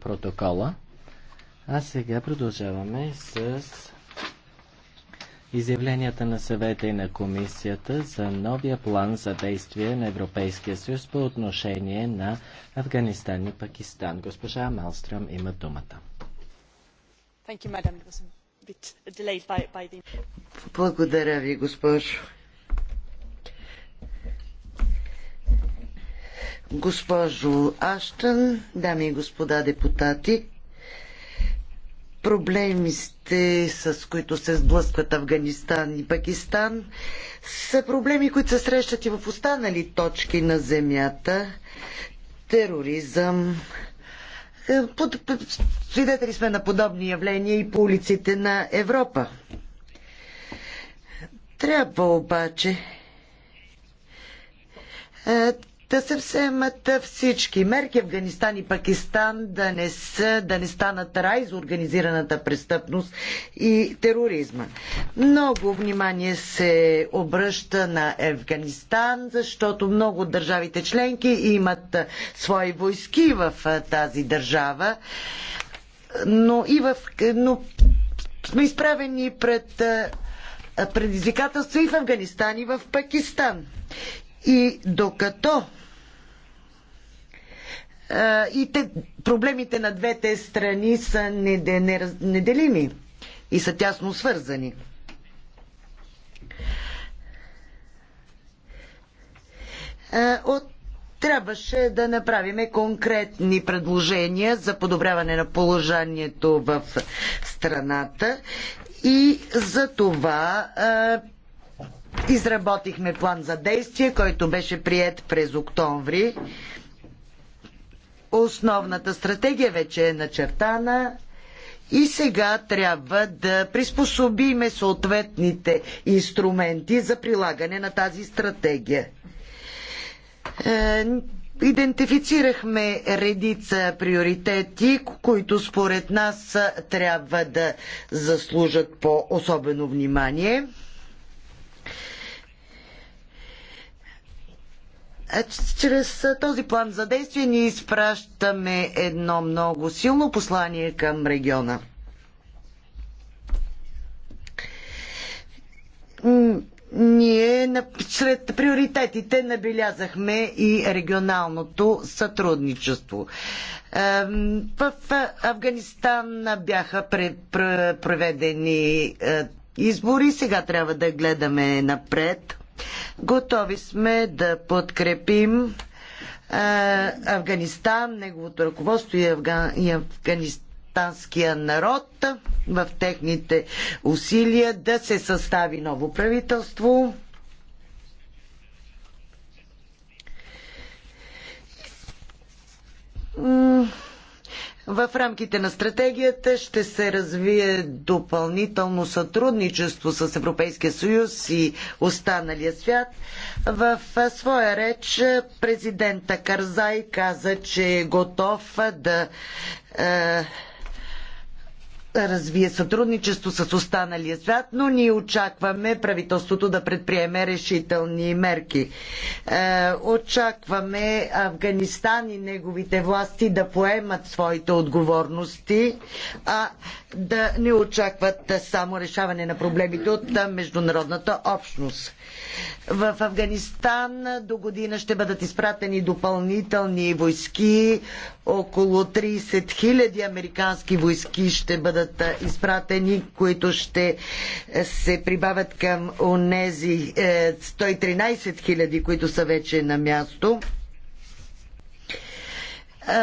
протокола. А сега продължаваме с изявленията на съвета и на комисията за новия план за действие на Европейския съюз по отношение на Афганистан и Пакистан. Госпожа Малстрам има думата. Благодаря ви, госпожо. Госпожо Аштън, дами и господа депутати, проблемите, с които се сблъскват Афганистан и Пакистан, са проблеми, които се срещат и в останали точки на земята. Тероризъм. Под... Свидетели сме на подобни явления и по улиците на Европа. Трябва обаче е, да се вземат всички мерки Афганистан и Пакистан да не, са, да не станат рай за организираната престъпност и тероризма. Много внимание се обръща на Афганистан, защото много от държавите членки имат свои войски в тази държава, но и в. Но сме изправени пред предизвикателства и в Афганистан, и в Пакистан. И докато и те, проблемите на двете страни са неделими и са тясно свързани. От трябваше да направим конкретни предложения за подобряване на положението в страната и за това е, изработихме план за действие, който беше прият през октомври. Е, Основната стратегия вече е начертана и сега трябва да приспособиме съответните инструменти за прилагане на тази стратегия. Е, идентифицирахме редица приоритети, които според нас трябва да заслужат по особено внимание. Е, чрез е, този план за действие ние изпращаме едно много силно послание към региона. Ние сред приоритетите набелязахме и регионалното сътрудничество. Е, в Афганистан бяха проведени избори, сега трябва да гледаме напред. Готови сме да подкрепим Афганистан, неговото ръководство и, и афганистанския народ в техните усилия да се състави ново правителство. В рамките на стратегията ще се развие допълнително сътрудничество с Европейския съюз и останалия свят. В своя реч президента Карзай каза, че е готов да е, развие сътрудничество с останалия свят, но ние очакваме правителството да предприеме решителни мерки. Е, очакваме Афганистан и неговите власти да поемат своите отговорности, а да не очакват само решаване на проблемите от международната общност. В Афганистан до година ще бъдат изпратени допълнителни войски. Около 30 000 американски войски ще бъдат изпратени, които ще се прибавят към онези 113 е, 000, които са вече на място.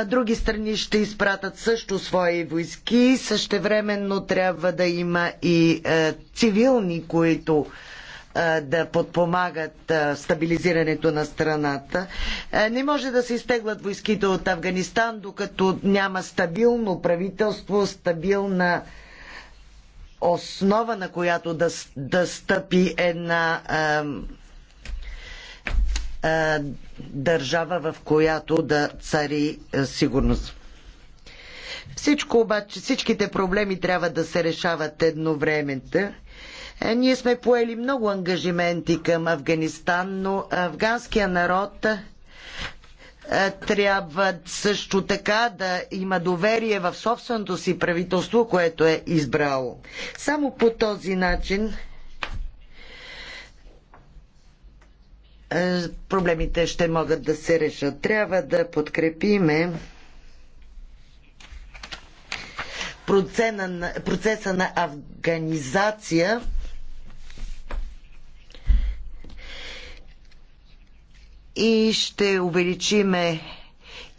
Е, други страни ще изпратят също свои войски. Същевременно трябва да има и е, цивилни, които да подпомагат стабилизирането на страната. Не може да се изтеглят войските от Афганистан, докато няма стабилно правителство, стабилна основа, на която да, да стъпи една държава, в която да цари сигурност. Всичко обаче, всичките проблеми трябва да се решават едновременно е, ние сме поели много ангажименти към Афганистан, но афганския народ е, трябва също така да има доверие в собственото си правителство, което е избрало. Само по този начин е, проблемите ще могат да се решат. Трябва да подкрепиме процеса на афганизация и ще увеличиме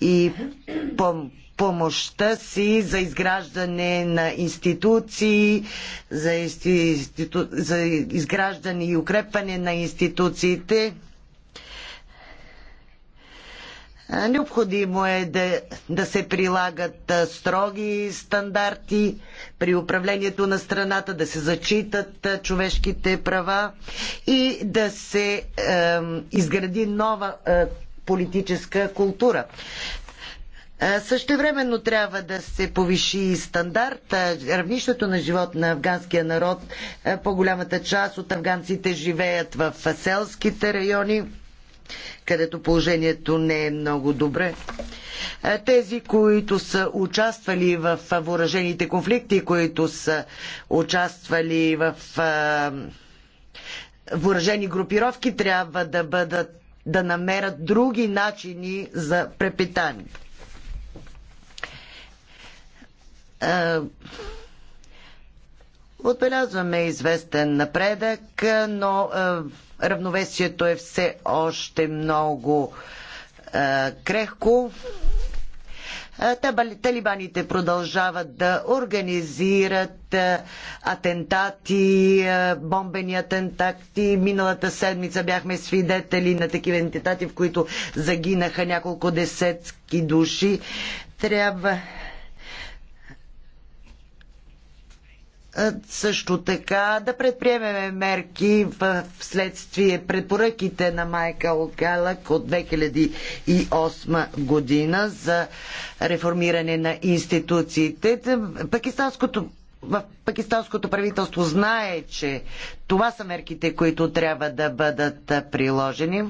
и пом- помощта си за изграждане на институции, за, институ... за изграждане и укрепване на институциите Необходимо е да, да се прилагат строги стандарти при управлението на страната, да се зачитат човешките права и да се е, изгради нова е, политическа култура. Същевременно трябва да се повиши стандарт, равнището на живот на афганския народ. По-голямата част от афганците живеят в селските райони където положението не е много добре. Тези, които са участвали в въоръжените конфликти, които са участвали в въоръжени групировки, трябва да бъдат да намерят други начини за препитание Отбелязваме известен напредък, но е, равновесието е все още много е, крехко. Е, талибаните продължават да организират атентати, бомбени атентати. Миналата седмица бяхме свидетели на такива атентати, в които загинаха няколко десетки души. Трябва също така да предприемеме мерки в следствие препоръките на Майкъл Галък от 2008 година за реформиране на институциите. Пакистанското в пакистанското правителство знае, че това са мерките, които трябва да бъдат приложени.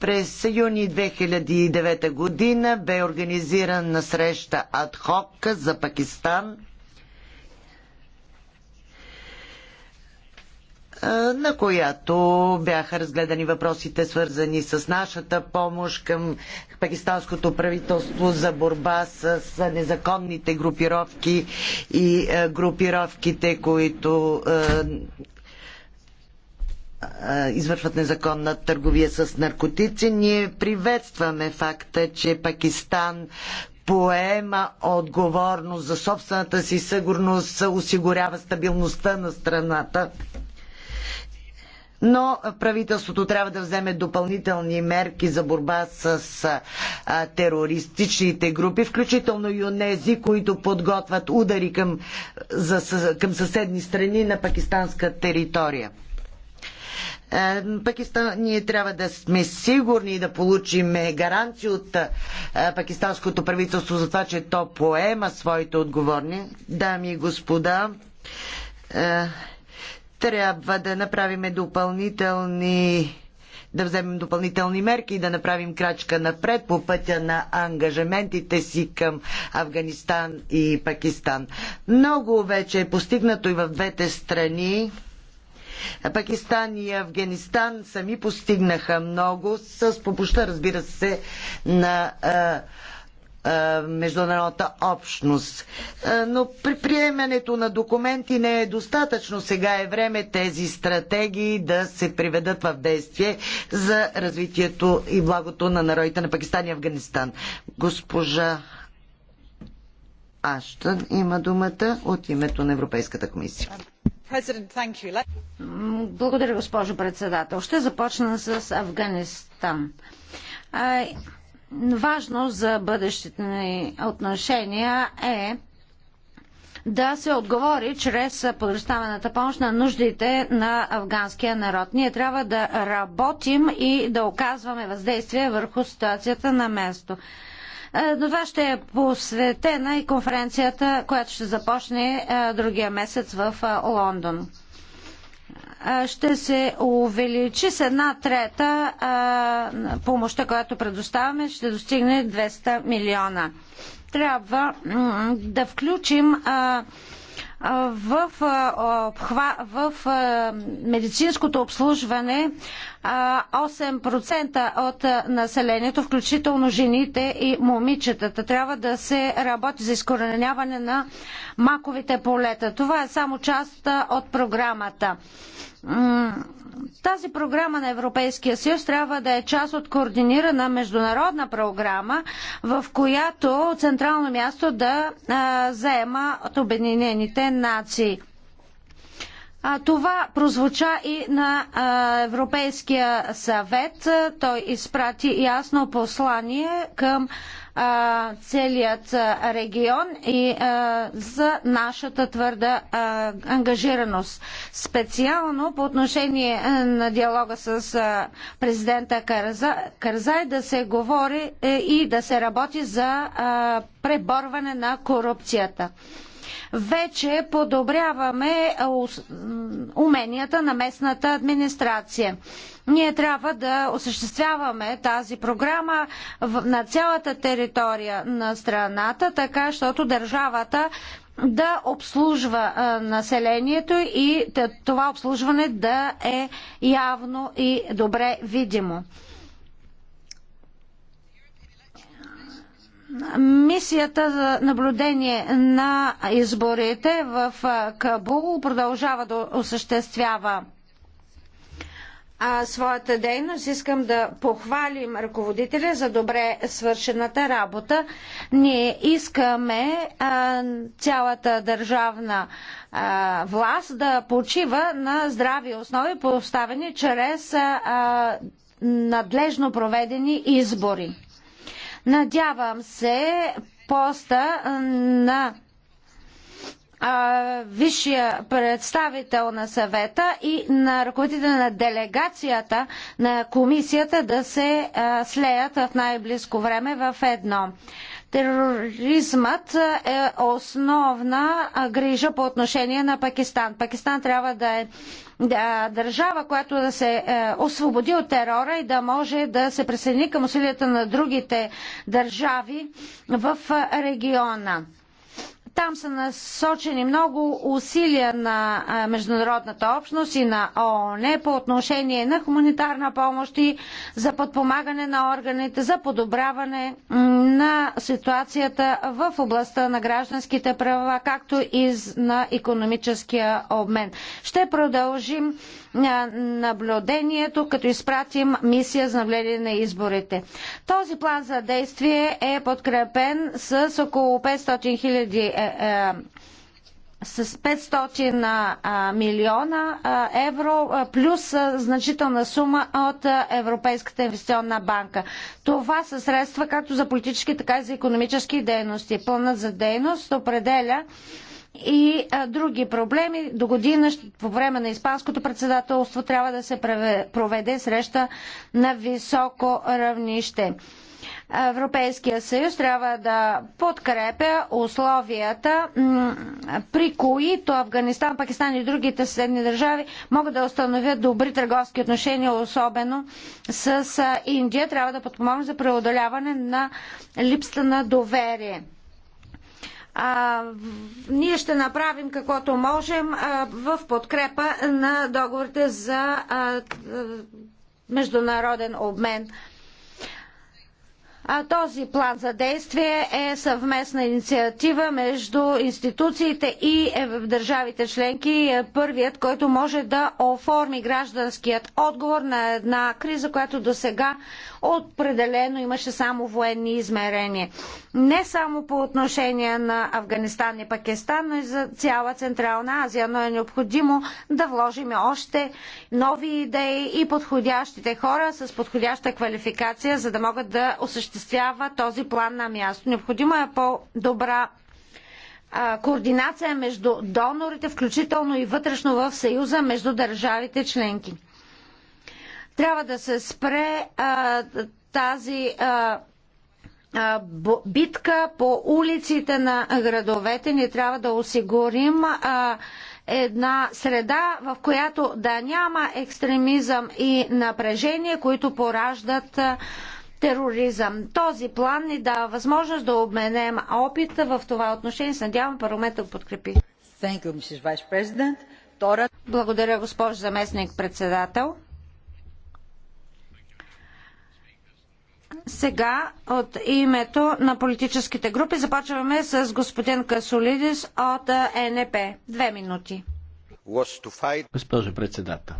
През юни 2009 година бе организирана среща Адхок за Пакистан – на която бяха разгледани въпросите, свързани с нашата помощ към пакистанското правителство за борба с незаконните групировки и групировките, които извършват незаконна търговия с наркотици. Ние приветстваме факта, че Пакистан поема отговорност за собствената си сигурност, осигурява стабилността на страната. Но правителството трябва да вземе допълнителни мерки за борба с терористичните групи, включително и онези, които подготвят удари към, за, към съседни страни на пакистанска територия. Е, Пакистан, ние трябва да сме сигурни и да получим гаранции от е, пакистанското правителство за това, че то поема своите отговорни. Дами и господа, е, трябва да направим допълнителни да вземем допълнителни мерки и да направим крачка напред по пътя на ангажаментите си към Афганистан и Пакистан. Много вече е постигнато и в двете страни Пакистан и Афганистан сами постигнаха много с помощта, разбира се, на международната общност. Но при приемането на документи не е достатъчно. Сега е време тези стратегии да се приведат в действие за развитието и благото на народите на Пакистан и Афганистан. Госпожа Аштън има думата от името на Европейската комисия. Благодаря, госпожо председател. Ще започна с Афганистан. Важно за бъдещите ни отношения е да се отговори чрез предоставената помощ на нуждите на афганския народ. Ние трябва да работим и да оказваме въздействие върху ситуацията на място. Е, това ще е посветена и конференцията, която ще започне е, другия месец в е, Лондон ще се увеличи с една трета помощта, която предоставяме, ще достигне 200 милиона. Трябва да включим а, в, в медицинското обслужване 8% от населението, включително жените и момичетата. Трябва да се работи за изкореняване на маковите полета. Това е само част от програмата тази програма на Европейския съюз трябва да е част от координирана международна програма, в която централно място да а, заема от Обединените нации. А, това прозвуча и на а, Европейския съвет. Той изпрати ясно послание към а, а, целият регион и а, за нашата твърда а, ангажираност. Специално по отношение на диалога с а, президента Карза, Карзай да се говори е, и да се работи за а, преборване на корупцията вече подобряваме уменията на местната администрация. Ние трябва да осъществяваме тази програма на цялата територия на страната, така, защото държавата да обслужва населението и това обслужване да е явно и добре видимо. Мисията за наблюдение на изборите в Кабул продължава да осъществява своята дейност. Искам да похвалим ръководителя за добре свършената работа. Ние искаме цялата държавна власт да почива на здрави основи, поставени чрез надлежно проведени избори. Надявам се поста на висшия представител на съвета и на ръководителя на делегацията на комисията да се слеят в най-близко време в едно. Тероризмът е основна грижа по отношение на Пакистан. Пакистан трябва да е държава, която да се е, освободи от терора и да може да се присъедини към усилията на другите държави в региона. Там са насочени много усилия на международната общност и на ООН по отношение на хуманитарна помощ и за подпомагане на органите, за подобряване на ситуацията в областта на гражданските права, както и на економическия обмен. Ще продължим наблюдението, като изпратим мисия за наблюдение на изборите. Този план за действие е подкрепен с около 500 000 евро е, с 500 милиона евро плюс значителна сума от Европейската инвестиционна банка. Това са средства както за политически, така и за економически дейности. Пълна за дейност определя и а, други проблеми. До година, по време на Испанското председателство, трябва да се проведе среща на високо равнище. Европейския съюз трябва да подкрепя условията, при които Афганистан, Пакистан и другите съседни държави могат да установят добри търговски отношения, особено с Индия. Трябва да подпомогне за преодоляване на липсата на доверие. А, ние ще направим каквото можем а, в подкрепа на договорите за а, международен обмен а този план за действие е съвместна инициатива между институциите и е, държавите членки. Е, първият, който може да оформи гражданският отговор на една криза, която до сега определено имаше само военни измерения. Не само по отношение на Афганистан и Пакистан, но и за цяла Централна Азия, но е необходимо да вложим още нови идеи и подходящите хора с подходяща квалификация, за да могат да осъществят осъществява този план на място. Необходима е по-добра координация между донорите, включително и вътрешно в Съюза, между държавите членки. Трябва да се спре а, тази а, а, битка по улиците на градовете. Ние трябва да осигурим а, една среда, в която да няма екстремизъм и напрежение, които пораждат а, тероризъм. Този план ни дава възможност да обменем опита в това отношение. Се надявам парламентът да го подкрепи. You, Тора... Благодаря, госпожо заместник председател. Сега от името на политическите групи започваме с господин Касолидис от е НП. Две минути. Госпожо председател,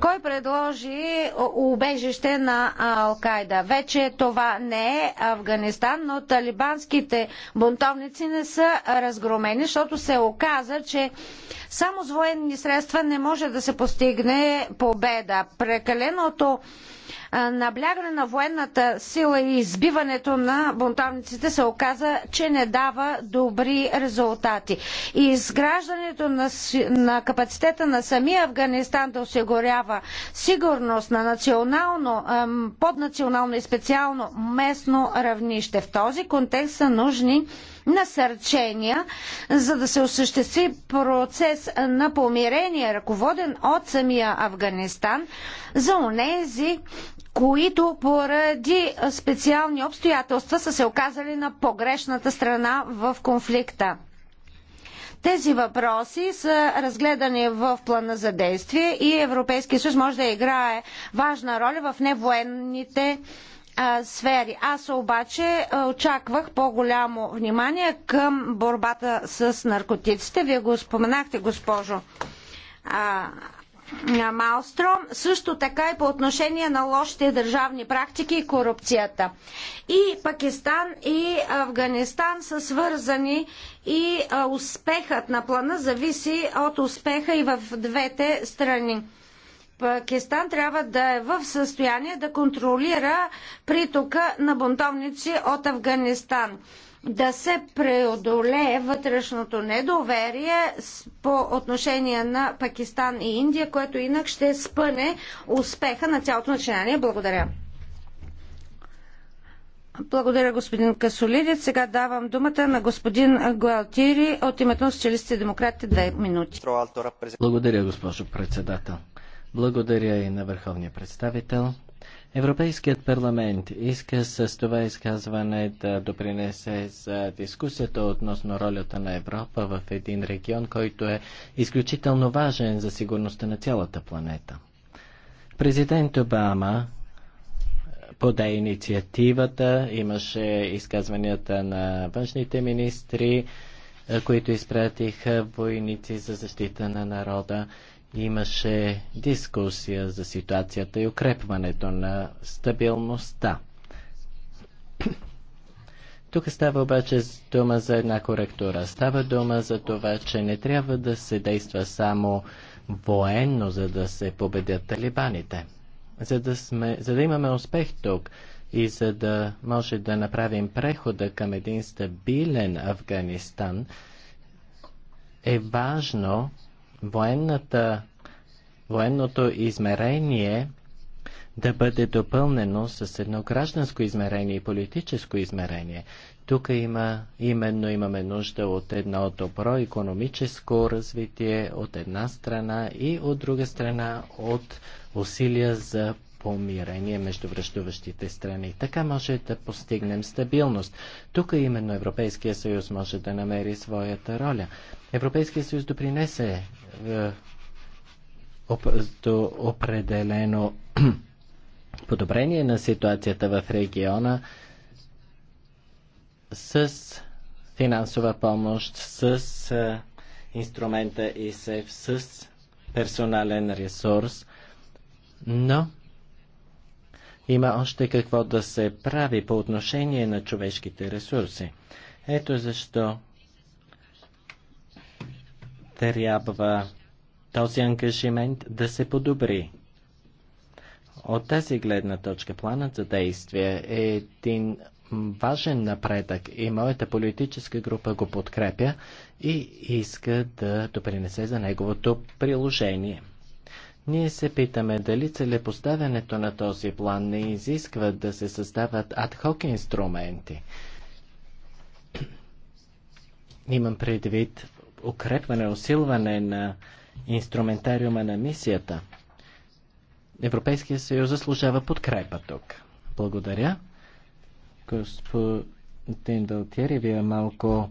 Кой предложи убежище на Алкайда? Вече това не е Афганистан, но талибанските бунтовници не са разгромени, защото се оказа, че само с военни средства не може да се постигне победа. Прекаленото наблягане на военната сила и избиването на бунтовниците се оказа, че не дава добри резултати. И изграждането на, на капацитета на самия Афганистан да осигурява сигурност на национално, поднационално и специално местно равнище. В този контекст са нужни насърчения, за да се осъществи процес на помирение, ръководен от самия Афганистан, за онези, които поради специални обстоятелства са се оказали на погрешната страна в конфликта. Тези въпроси са разгледани в плана за действие и Европейския съюз може да играе важна роля в невоенните сфери. Аз обаче е, очаквах по-голямо внимание към борбата с наркотиците. Вие го споменахте, госпожо а, Малстром, също така и по отношение на лошите държавни практики и корупцията. И Пакистан и Афганистан са свързани и успехът на плана зависи от успеха и в двете страни. Пакистан трябва да е в състояние да контролира притока на бунтовници от Афганистан да се преодолее вътрешното недоверие по отношение на Пакистан и Индия, което инак ще спъне успеха на цялото начинание. Благодаря. Благодаря, господин Касолидец. Сега давам думата на господин Гуалтири от името на социалистите и демократите. Две минути. Благодаря, госпожо председател. Благодаря и на върховния представител. Европейският парламент иска с това изказване да допринесе за дискусията относно ролята на Европа в един регион, който е изключително важен за сигурността на цялата планета. Президент Обама поде инициативата, имаше изказванията на външните министри, които изпратиха войници за защита на народа имаше дискусия за ситуацията и укрепването на стабилността. Тук става обаче дума за една коректура. Става дума за това, че не трябва да се действа само военно, за да се победят талибаните. За да, сме, за да имаме успех тук и за да може да направим прехода към един стабилен Афганистан, е важно военната, военното измерение да бъде допълнено с едно гражданско измерение и политическо измерение. Тук има, именно имаме нужда от едно добро економическо развитие от една страна и от друга страна от усилия за помирение между връщуващите страни. Така може да постигнем стабилност. Тук именно Европейския съюз може да намери своята роля. Европейския съюз допринесе е, до определено подобрение на ситуацията в региона с финансова помощ, с е, инструмента ИСЕФ, с персонален ресурс, но има още какво да се прави по отношение на човешките ресурси. Ето защо трябва този ангажимент да се подобри. От тази гледна точка планът за действие е един важен напредък и моята политическа група го подкрепя и иска да допринесе за неговото приложение. Ние се питаме дали целепоставянето на този план не изисква да се създават адхок инструменти. Имам предвид укрепване, усилване на инструментариума на мисията. Европейския съюз заслужава подкрепа тук. Благодаря. Господин Далтери, вие малко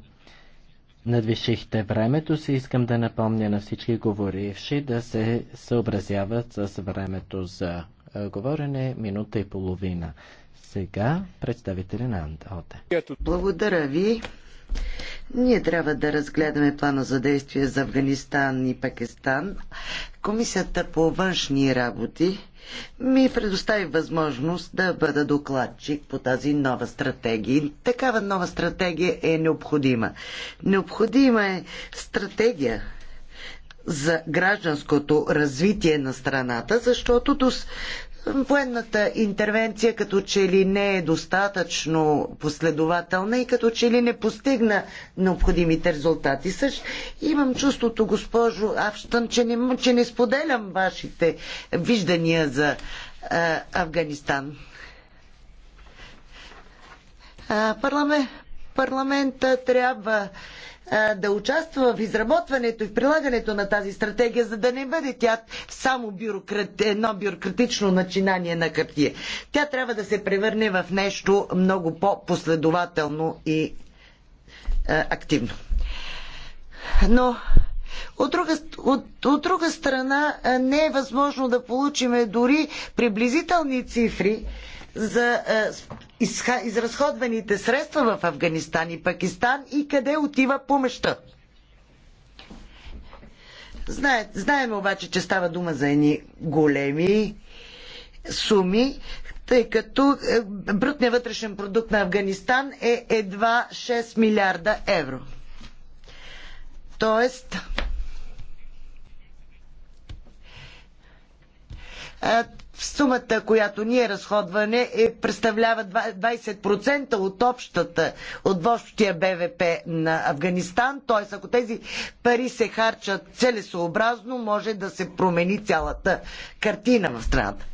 надвишихте времето си. Искам да напомня на всички говоривши да се съобразяват с времето за говорене минута и половина. Сега представители на Антоте. Благодаря ви. Ние трябва да разгледаме плана за действие за Афганистан и Пакистан. Комисията по външни работи ми предостави възможност да бъда докладчик по тази нова стратегия. Такава нова стратегия е необходима. Необходима е стратегия за гражданското развитие на страната, защото Военната интервенция като че ли не е достатъчно последователна и като че ли не постигна необходимите резултати. Също имам чувството, госпожо Авштън, че не, че не споделям вашите виждания за а, Афганистан. А, парламент, парламента трябва да участва в изработването и в прилагането на тази стратегия, за да не бъде тя само бюрократ... едно бюрократично начинание на хартия. Тя трябва да се превърне в нещо много по-последователно и активно. Но от друга, от, от друга страна не е възможно да получиме дори приблизителни цифри за е, изразходваните средства в Афганистан и Пакистан и къде отива помощта. Знае, знаем обаче, че става дума за едни големи суми, тъй като е, брутният вътрешен продукт на Афганистан е едва 6 милиарда евро. Тоест, е, сумата, която ние разходваме, е, представлява 20% от общата, от общия БВП на Афганистан. Т.е. ако тези пари се харчат целесообразно, може да се промени цялата картина в страната.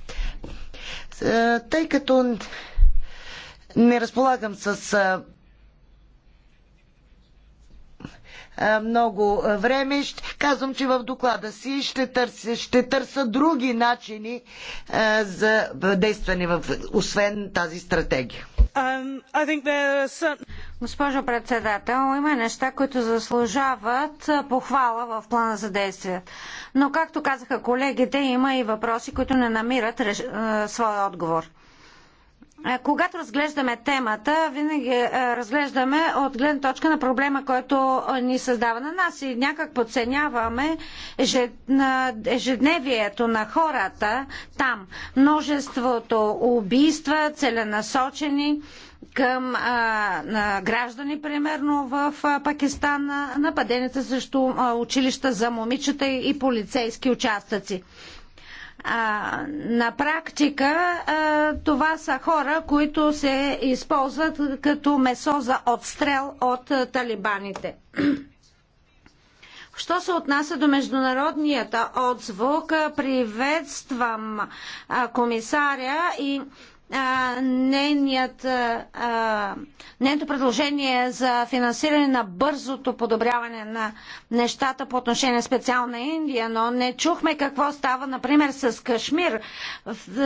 Е, тъй като не разполагам с е, много време. Казвам, че в доклада си ще търся, ще търся други начини за действане, в, освен тази стратегия. Um, Госпожо председател, има неща, които заслужават похвала в плана за действие. Но, както казаха колегите, има и въпроси, които не намират реш... своя отговор когато разглеждаме темата, винаги е, разглеждаме от гледна точка на проблема, който е, ни създава на нас и някак подценяваме ежедневието на хората там. Множеството убийства, целенасочени към а, граждани, примерно в Пакистан, нападенията срещу училища за момичета и полицейски участъци. А, на практика а, това са хора, които се използват като месо за отстрел от а, талибаните. Що се отнася до международният отзвук, приветствам комисаря и нейният, нейното предложение за финансиране на бързото подобряване на нещата по отношение специално на Индия, но не чухме какво става, например, с Кашмир.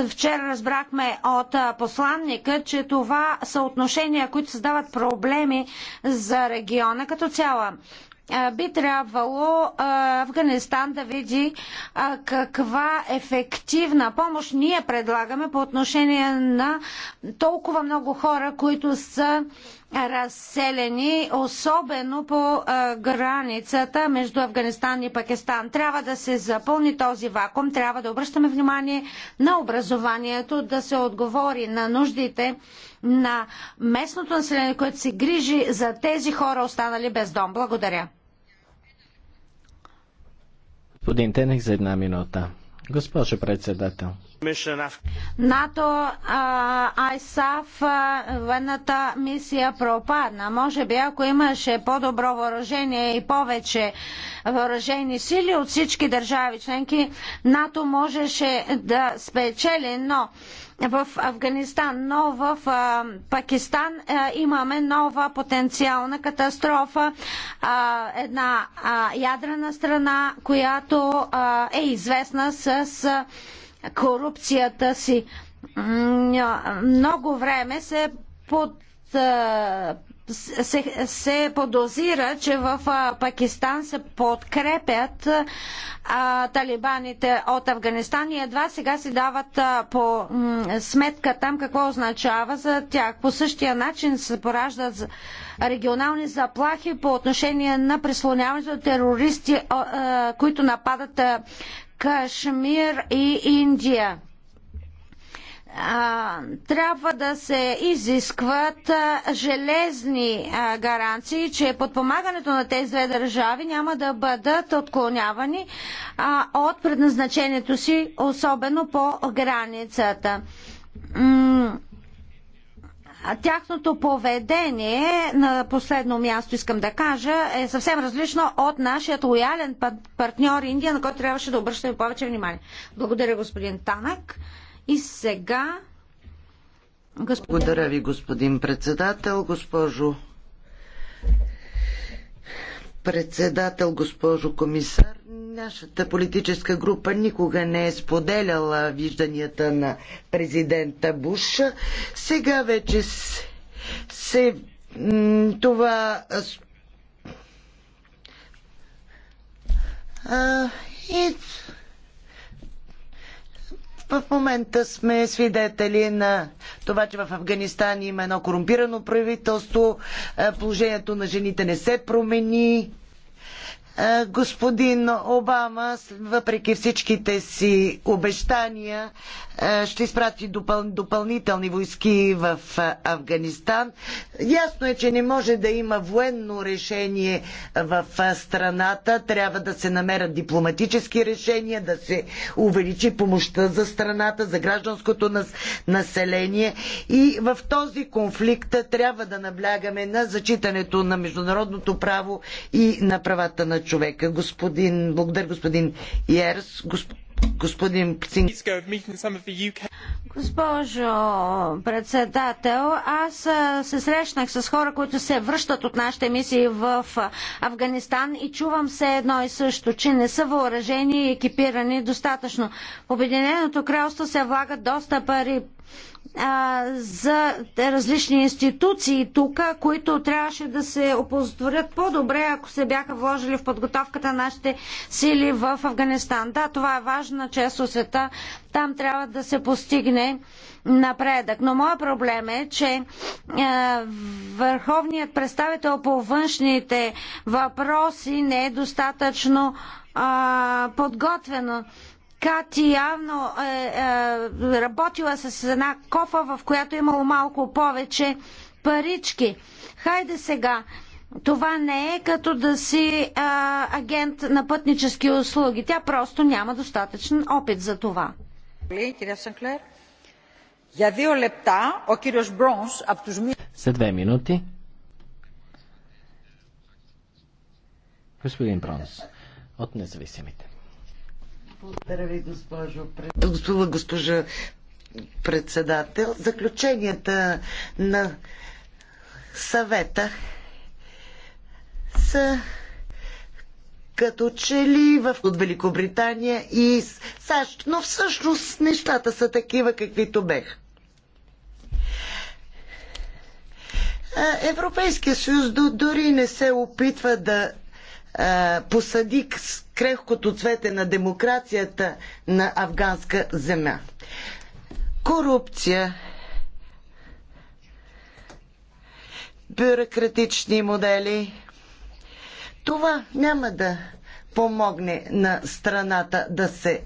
Вчера разбрахме от посланника, че това са отношения, които създават проблеми за региона като цяло би трябвало Афганистан да види каква ефективна помощ ние предлагаме по отношение на толкова много хора, които са разселени, особено по границата между Афганистан и Пакистан. Трябва да се запълни този вакуум, трябва да обръщаме внимание на образованието, да се отговори на нуждите на местното население, което се грижи за тези хора, останали без дом. Благодаря. Господин Тенех за една минута. Госпожо председател, НАТО, АйСАФ, военната мисия пропадна. Може би ако имаше по-добро въоръжение и повече въоръжени сили от всички държави членки, НАТО можеше да спечели, но в Афганистан, но в а, Пакистан а, имаме нова потенциална катастрофа. А, една ядрена страна, която е известна с корупцията си. Много време се под се, се подозира, че в Пакистан се подкрепят а, талибаните от Афганистан и едва сега си дават а, по сметка там какво означава за тях. По същия начин се пораждат регионални заплахи по отношение на прислоняването на терористи, а, които нападат Кашмир и Индия трябва да се изискват железни гаранции, че подпомагането на тези две държави няма да бъдат отклонявани от предназначението си, особено по границата тяхното поведение, на последно място искам да кажа, е съвсем различно от нашия лоялен партньор Индия, на който трябваше да обръщаме повече внимание. Благодаря, господин Танък. И сега. Господин... Благодаря ви, господин председател, госпожо председател, госпожо комисар. Нашата политическа група никога не е споделяла вижданията на президента Буша. Сега вече се, се това а, и в момента сме свидетели на това, че в Афганистан има едно корумпирано правителство, положението на жените не се промени. Е, господин Обама, въпреки всичките си обещания, е, ще изпрати допъл... допълнителни войски в е, Афганистан. Ясно е, че не може да има военно решение в страната. Трябва да се намерят дипломатически решения, да се увеличи помощта за страната, за гражданското население. И в този конфликт трябва да наблягаме на зачитането на международното право и на правата на човека. Господин, благодаря господин Йерс, госп, господин Пцин. Госпожо председател, аз се срещнах с хора, които се връщат от нашите мисии в Афганистан и чувам все едно и също, че не са въоръжени и екипирани достатъчно. В Обединеното кралство се влагат доста пари а, за различни институции тук, които трябваше да се опозотворят по-добре, ако се бяха вложили в подготовката на нашите сили в Афганистан. Да, това е важна част от света. Там трябва да се постигне напредък. Но моят проблем е, че е, върховният представител по външните въпроси не е достатъчно е, подготвено Кати явно е, е, работила с една кофа, в която е имало малко повече парички. Хайде сега, това не е като да си е, агент на пътнически услуги. Тя просто няма достатъчен опит за това. За две минути. Господин Бронс, от независимите. Благодаря ви, госпожо, Госпожа, госпожа председател. Заключенията на съвета са като че ли в, от Великобритания и САЩ. Но всъщност нещата са такива, каквито бех. Европейския съюз дори не се опитва да посади крехкото цвете на демокрацията на афганска земя. Корупция, бюрократични модели. Това няма да помогне на страната да се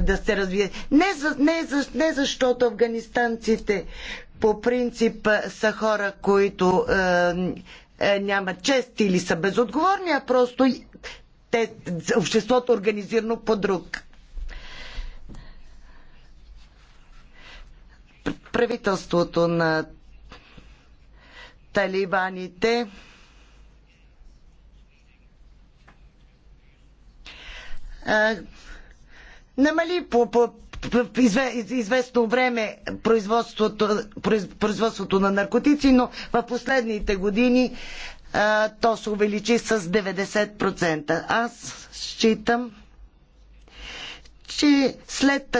да се развие. Не, за, не, за, не защото афганистанците по принцип са хора, които е, е, няма чест или са безотговорни, а просто те, обществото е организирано по друг. Правителството на талибаните е, намали по, по известно време производството, производството на наркотици, но в последните години а, то се увеличи с 90%. Аз считам, че след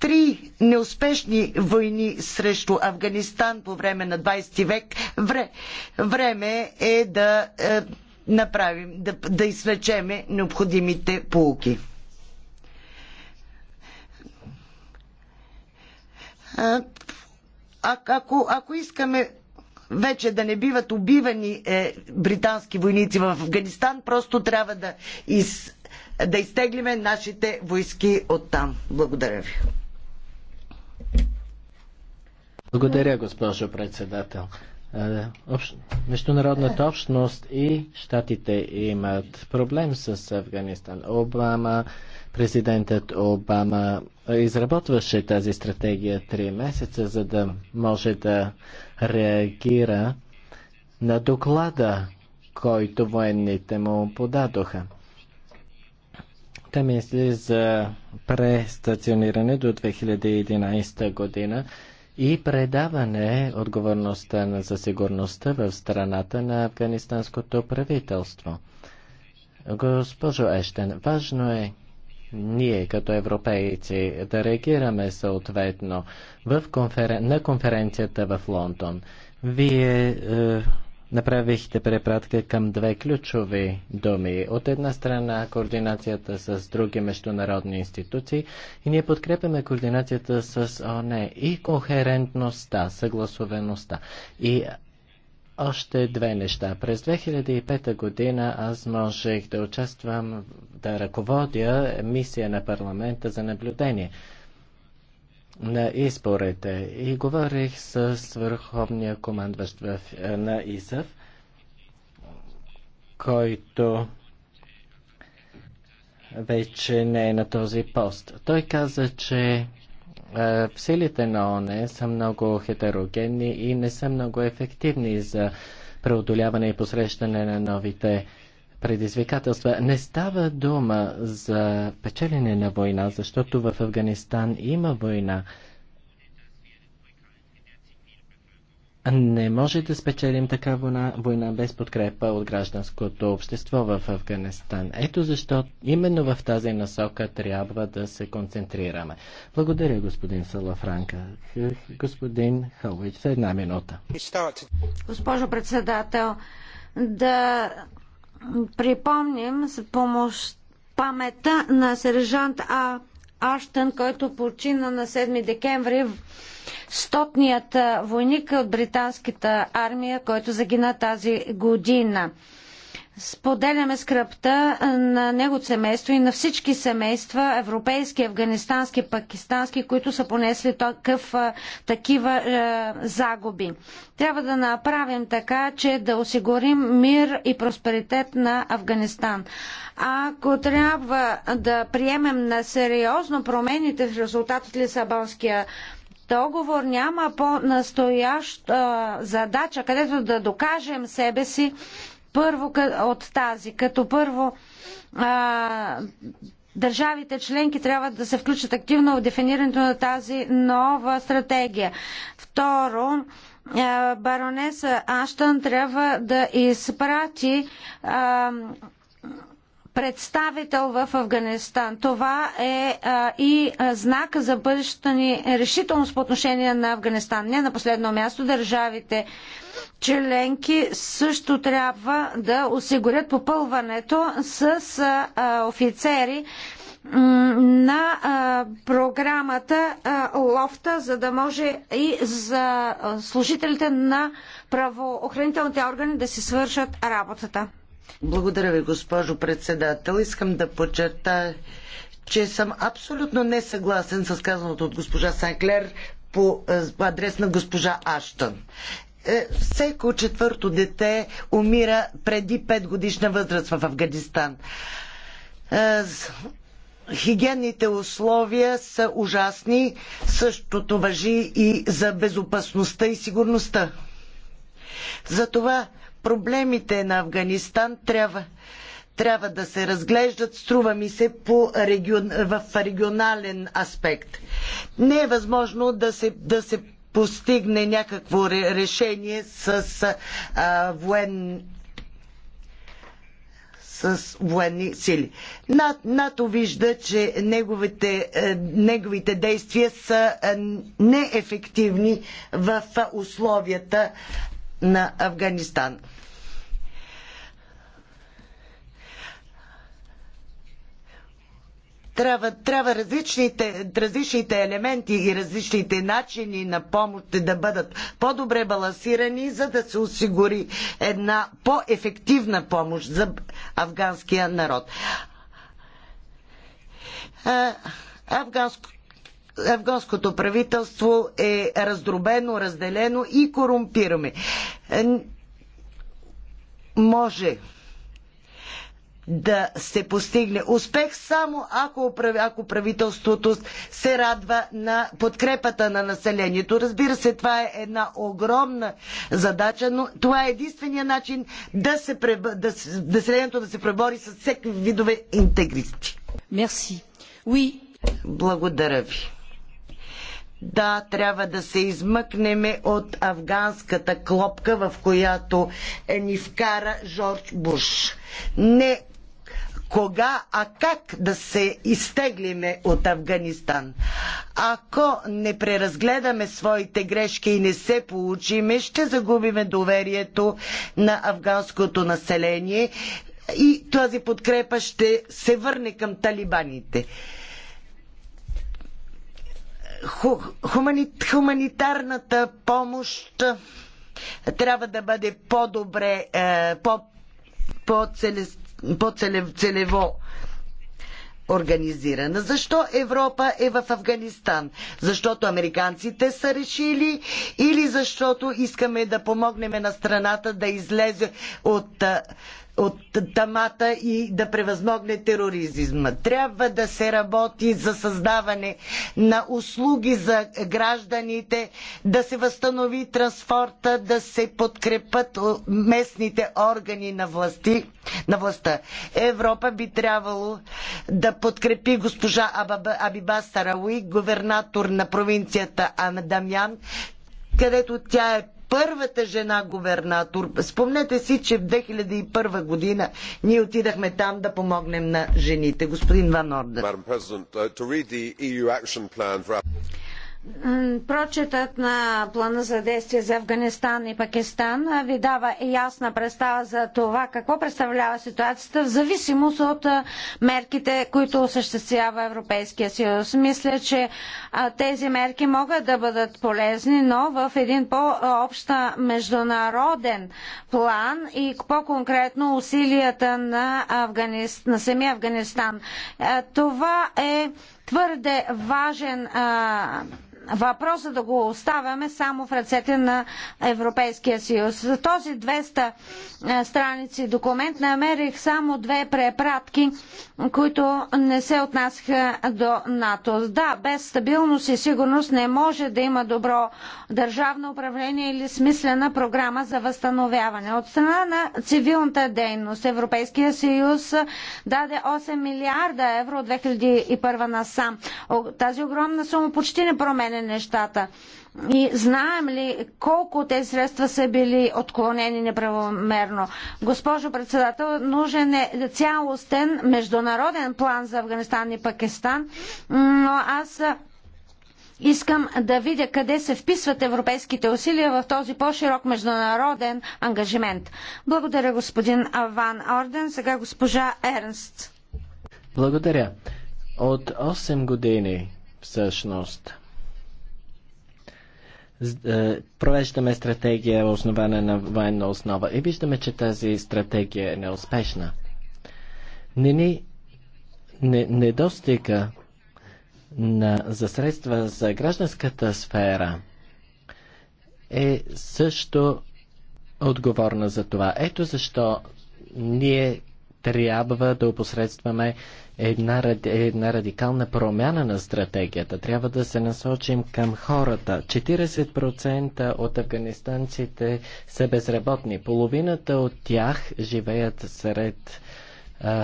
три неуспешни войни срещу Афганистан по време на 20 век, вре, време е да е, направим, да, да извлечеме необходимите полуки. А, ако, ако искаме вече да не биват убивани е, британски войници в Афганистан, просто трябва да, из, да изтеглиме нашите войски оттам. Благодаря ви. Благодаря, госпожо председател. Е, общ... международната общност и щатите имат проблем с Афганистан. Обама, президентът Обама изработваше тази стратегия три месеца, за да може да реагира на доклада, който военните му подадоха. Те мисли за престациониране до 2011 година и предаване отговорността за сигурността в страната на афганистанското правителство. Госпожо Ещен, важно е ние като европейци да реагираме съответно в конферен... на конференцията в Лондон. Вие е, направихте препратка към две ключови думи. От една страна координацията с други международни институции и ние подкрепяме координацията с ОНЕ и кохерентността, съгласовеността. И още две неща. През 2005 година аз можех да участвам, да ръководя мисия на парламента за наблюдение – на изборите и говорих с върховния командващ в, е, на ИСАВ, който вече не е на този пост. Той каза, че в е, силите на ОНЕ са много хетерогенни и не са много ефективни за преодоляване и посрещане на новите предизвикателства. Не става дума за печелене на война, защото в Афганистан има война. Не може да спечелим така война, война без подкрепа от гражданското общество в Афганистан. Ето защо именно в тази насока трябва да се концентрираме. Благодаря, господин Салафранка. Господин Халвич, за една минута. Госпожо председател, да припомним с помощ памета на сержант А. Аштън, който почина на 7 декември в стотният войник от британската армия, който загина тази година. Споделяме скръпта на него семейство и на всички семейства, европейски, афганистански, пакистански, които са понесли такъв, такива е, загуби. Трябва да направим така, че да осигурим мир и просперитет на Афганистан. Ако трябва да приемем на сериозно промените в резултат от Лисабонския договор няма по-настояща задача, където да докажем себе си първо от тази, като първо а, държавите членки трябва да се включат активно в дефинирането на тази нова стратегия. Второ, а, баронеса Аштън трябва да изпрати а, представител в Афганистан. Това е а, и знак за бъдещата ни решителност по отношение на Афганистан. Не на последно място държавите членки също трябва да осигурят попълването с офицери на програмата Лофта, за да може и за служителите на правоохранителните органи да си свършат работата. Благодаря ви, госпожо председател. Искам да подчертая, че съм абсолютно несъгласен с казаното от госпожа Санклер по адрес на госпожа Аштън. Е, всеко четвърто дете умира преди 5 годишна възраст в Афганистан. Е, хигиенните условия са ужасни. Същото въжи и за безопасността и сигурността. Затова проблемите на Афганистан трябва, трябва да се разглеждат, струва ми се, регион, в регионален аспект. Не е възможно да се, да се постигне някакво решение с а, воен с военни сили. НАТО вижда, че неговите, е, неговите действия са е, неефективни в условията на Афганистан. Трябва, трябва различните, различните елементи и различните начини на помощ да бъдат по-добре балансирани, за да се осигури една по-ефективна помощ за афганския народ. Афганско афганското правителство е раздробено, разделено и корумпираме. Може да се постигне успех само ако, ако правителството се радва на подкрепата на населението. Разбира се, това е една огромна задача, но това е единствения начин да се, да, населението да се пребори с всеки видове интегристи. Мерси. Oui. Благодаря ви. Да, трябва да се измъкнем от афганската клопка, в която е ни вкара Жорж Буш. Не кога, а как да се изтеглиме от Афганистан. Ако не преразгледаме своите грешки и не се получиме, ще загубиме доверието на афганското население и тази подкрепа ще се върне към талибаните. Ху, хумани, хуманитарната помощ трябва да бъде по-добре, е, по, по, по-целево организирана. Защо Европа е в Афганистан? Защото американците са решили или защото искаме да помогнем на страната да излезе от от тамата и да превъзмогне тероризма. Трябва да се работи за създаване на услуги за гражданите, да се възстанови транспорта, да се подкрепят местните органи на, власти, на властта. Европа би трябвало да подкрепи госпожа Абиба Сарауи, губернатор на провинцията Адамян, където тя е първата жена губернатор. Спомнете си, че в 2001 година ние отидахме там да помогнем на жените. Господин Ван Орден. Прочетът на плана за действие за Афганистан и Пакистан ви дава ясна представа за това какво представлява ситуацията в зависимост от мерките, които осъществява Европейския съюз. Мисля, че тези мерки могат да бъдат полезни, но в един по-общ международен план и по-конкретно усилията на, Афганист... на самия Афганистан. Това е твърде важен въпроса да го оставяме само в ръцете на Европейския съюз. За този 200 е, страници документ намерих само две препратки, които не се отнасяха до НАТО. Да, без стабилност и сигурност не може да има добро държавно управление или смислена програма за възстановяване. От страна на цивилната дейност Европейския съюз е, даде 8 милиарда евро от 2001 насам. Тази огромна сума почти не променя направили нещата? И знаем ли колко тези средства са били отклонени неправомерно? Госпожо председател, нужен е цялостен международен план за Афганистан и Пакистан, но аз Искам да видя къде се вписват европейските усилия в този по-широк международен ангажимент. Благодаря господин Аван Орден. Сега госпожа Ернст. Благодаря. От 8 години всъщност е, провеждаме стратегия основана на военна основа и виждаме, че тази стратегия е неуспешна. Не ни не, недостига на, за средства за гражданската сфера е също отговорна за това. Ето защо ние трябва да опосредстваме една, една радикална промяна на стратегията. Трябва да се насочим към хората. 40% от афганистанците са безработни. Половината от тях живеят сред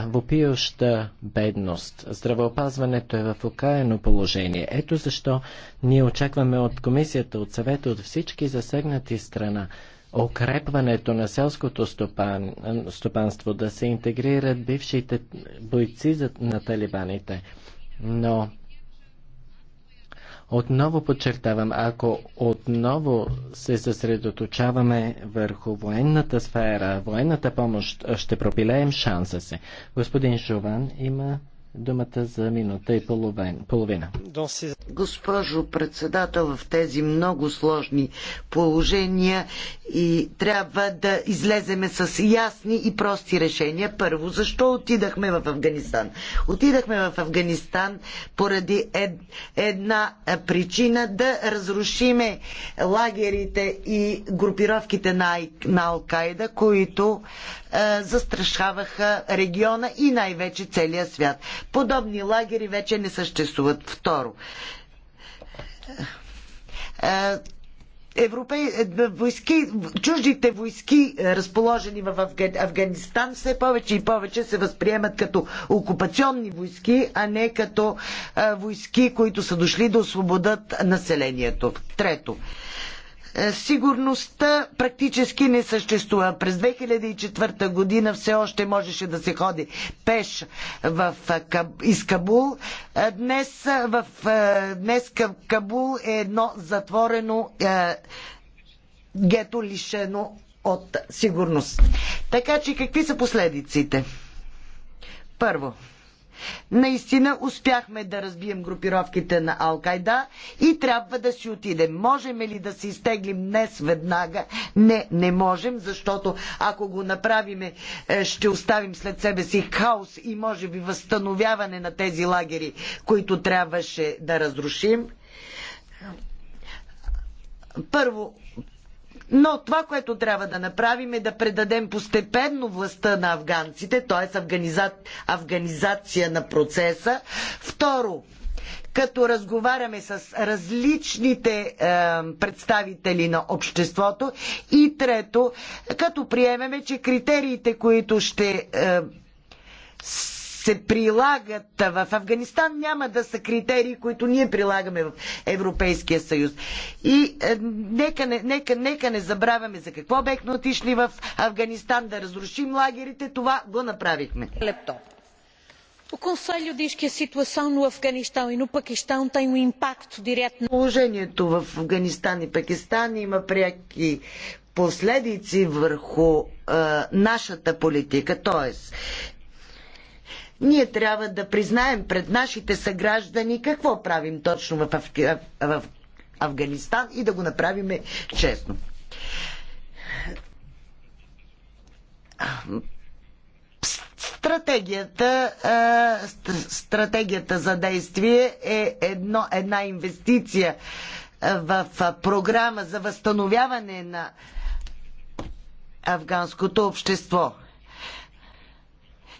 вопиюща бедност. Здравеопазването е в окаяно положение. Ето защо ние очакваме от комисията, от съвета, от всички засегнати страна укрепването на селското стопан, стопанство, да се интегрират бившите бойци на талибаните. Но отново подчертавам, ако отново се съсредоточаваме върху военната сфера, военната помощ, ще пропилеем шанса се. Господин Шуван има думата за минута и половина. Госпожо председател, в тези много сложни положения и трябва да излеземе с ясни и прости решения. Първо, защо отидахме в Афганистан? Отидахме в Афганистан поради ед, една е, причина да разрушиме лагерите и групировките на, на ал които е, застрашаваха региона и най-вече целия свят. Подобни лагери вече не съществуват. Второ, е, е, Европей... Е, войски, чуждите войски, разположени в Афганистан, все повече и повече се възприемат като окупационни войски, а не като войски, които са дошли да освободят населението. Трето, е, сигурността практически не съществува. През 2004 година все още можеше да се ходи пеш в е, из Кабул. Е, днес, в, днес Кабул е едно затворено гето лишено от сигурност. Така че какви са последиците? Първо, Наистина успяхме да разбием групировките на Алкайда и трябва да си отидем. Можем ли да се изтеглим днес веднага? Не, не можем, защото ако го направиме, е, ще оставим след себе си хаос и може би възстановяване на тези лагери, които трябваше да разрушим. Първо, но това, което трябва да направим е да предадем постепенно властта на афганците, т.е. Афганиза... афганизация на процеса. Второ, като разговаряме с различните е, представители на обществото. И трето, като приемеме, че критериите, които ще. Е, се прилагат в Афганистан, няма да са критерии, които ние прилагаме в Европейския съюз. И е, нека, не, нека, нека не забравяме за какво бехме отишли в Афганистан, да разрушим лагерите, това го направихме. O Conselho diz que a situação no Afeganistão e no Paquistão tem um impacto direto. Положението в Афганистан и Пакистан има пряки последици върху е, нашата политика, т.е. Ние трябва да признаем пред нашите съграждани какво правим точно в, Аф... в Афганистан и да го направим честно. Стратегията, стратегията за действие е едно, една инвестиция в програма за възстановяване на афганското общество.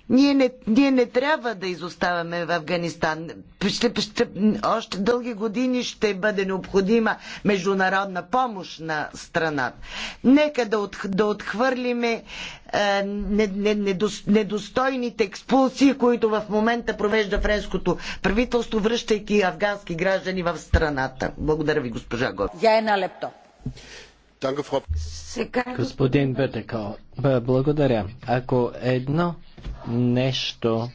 Ние не, ние не трябва да изоставаме в Афганистан. Ще, ще, още дълги години ще бъде необходима международна помощ на страната. Нека да, от, да отхвърлиме е, недостойните експулсии, които в момента провежда френското правителство, връщайки афгански граждани в страната. Благодаря ви, госпожа Гор. Я е на лепто. Господин Бетеко, благодаря. Ако едно нещо,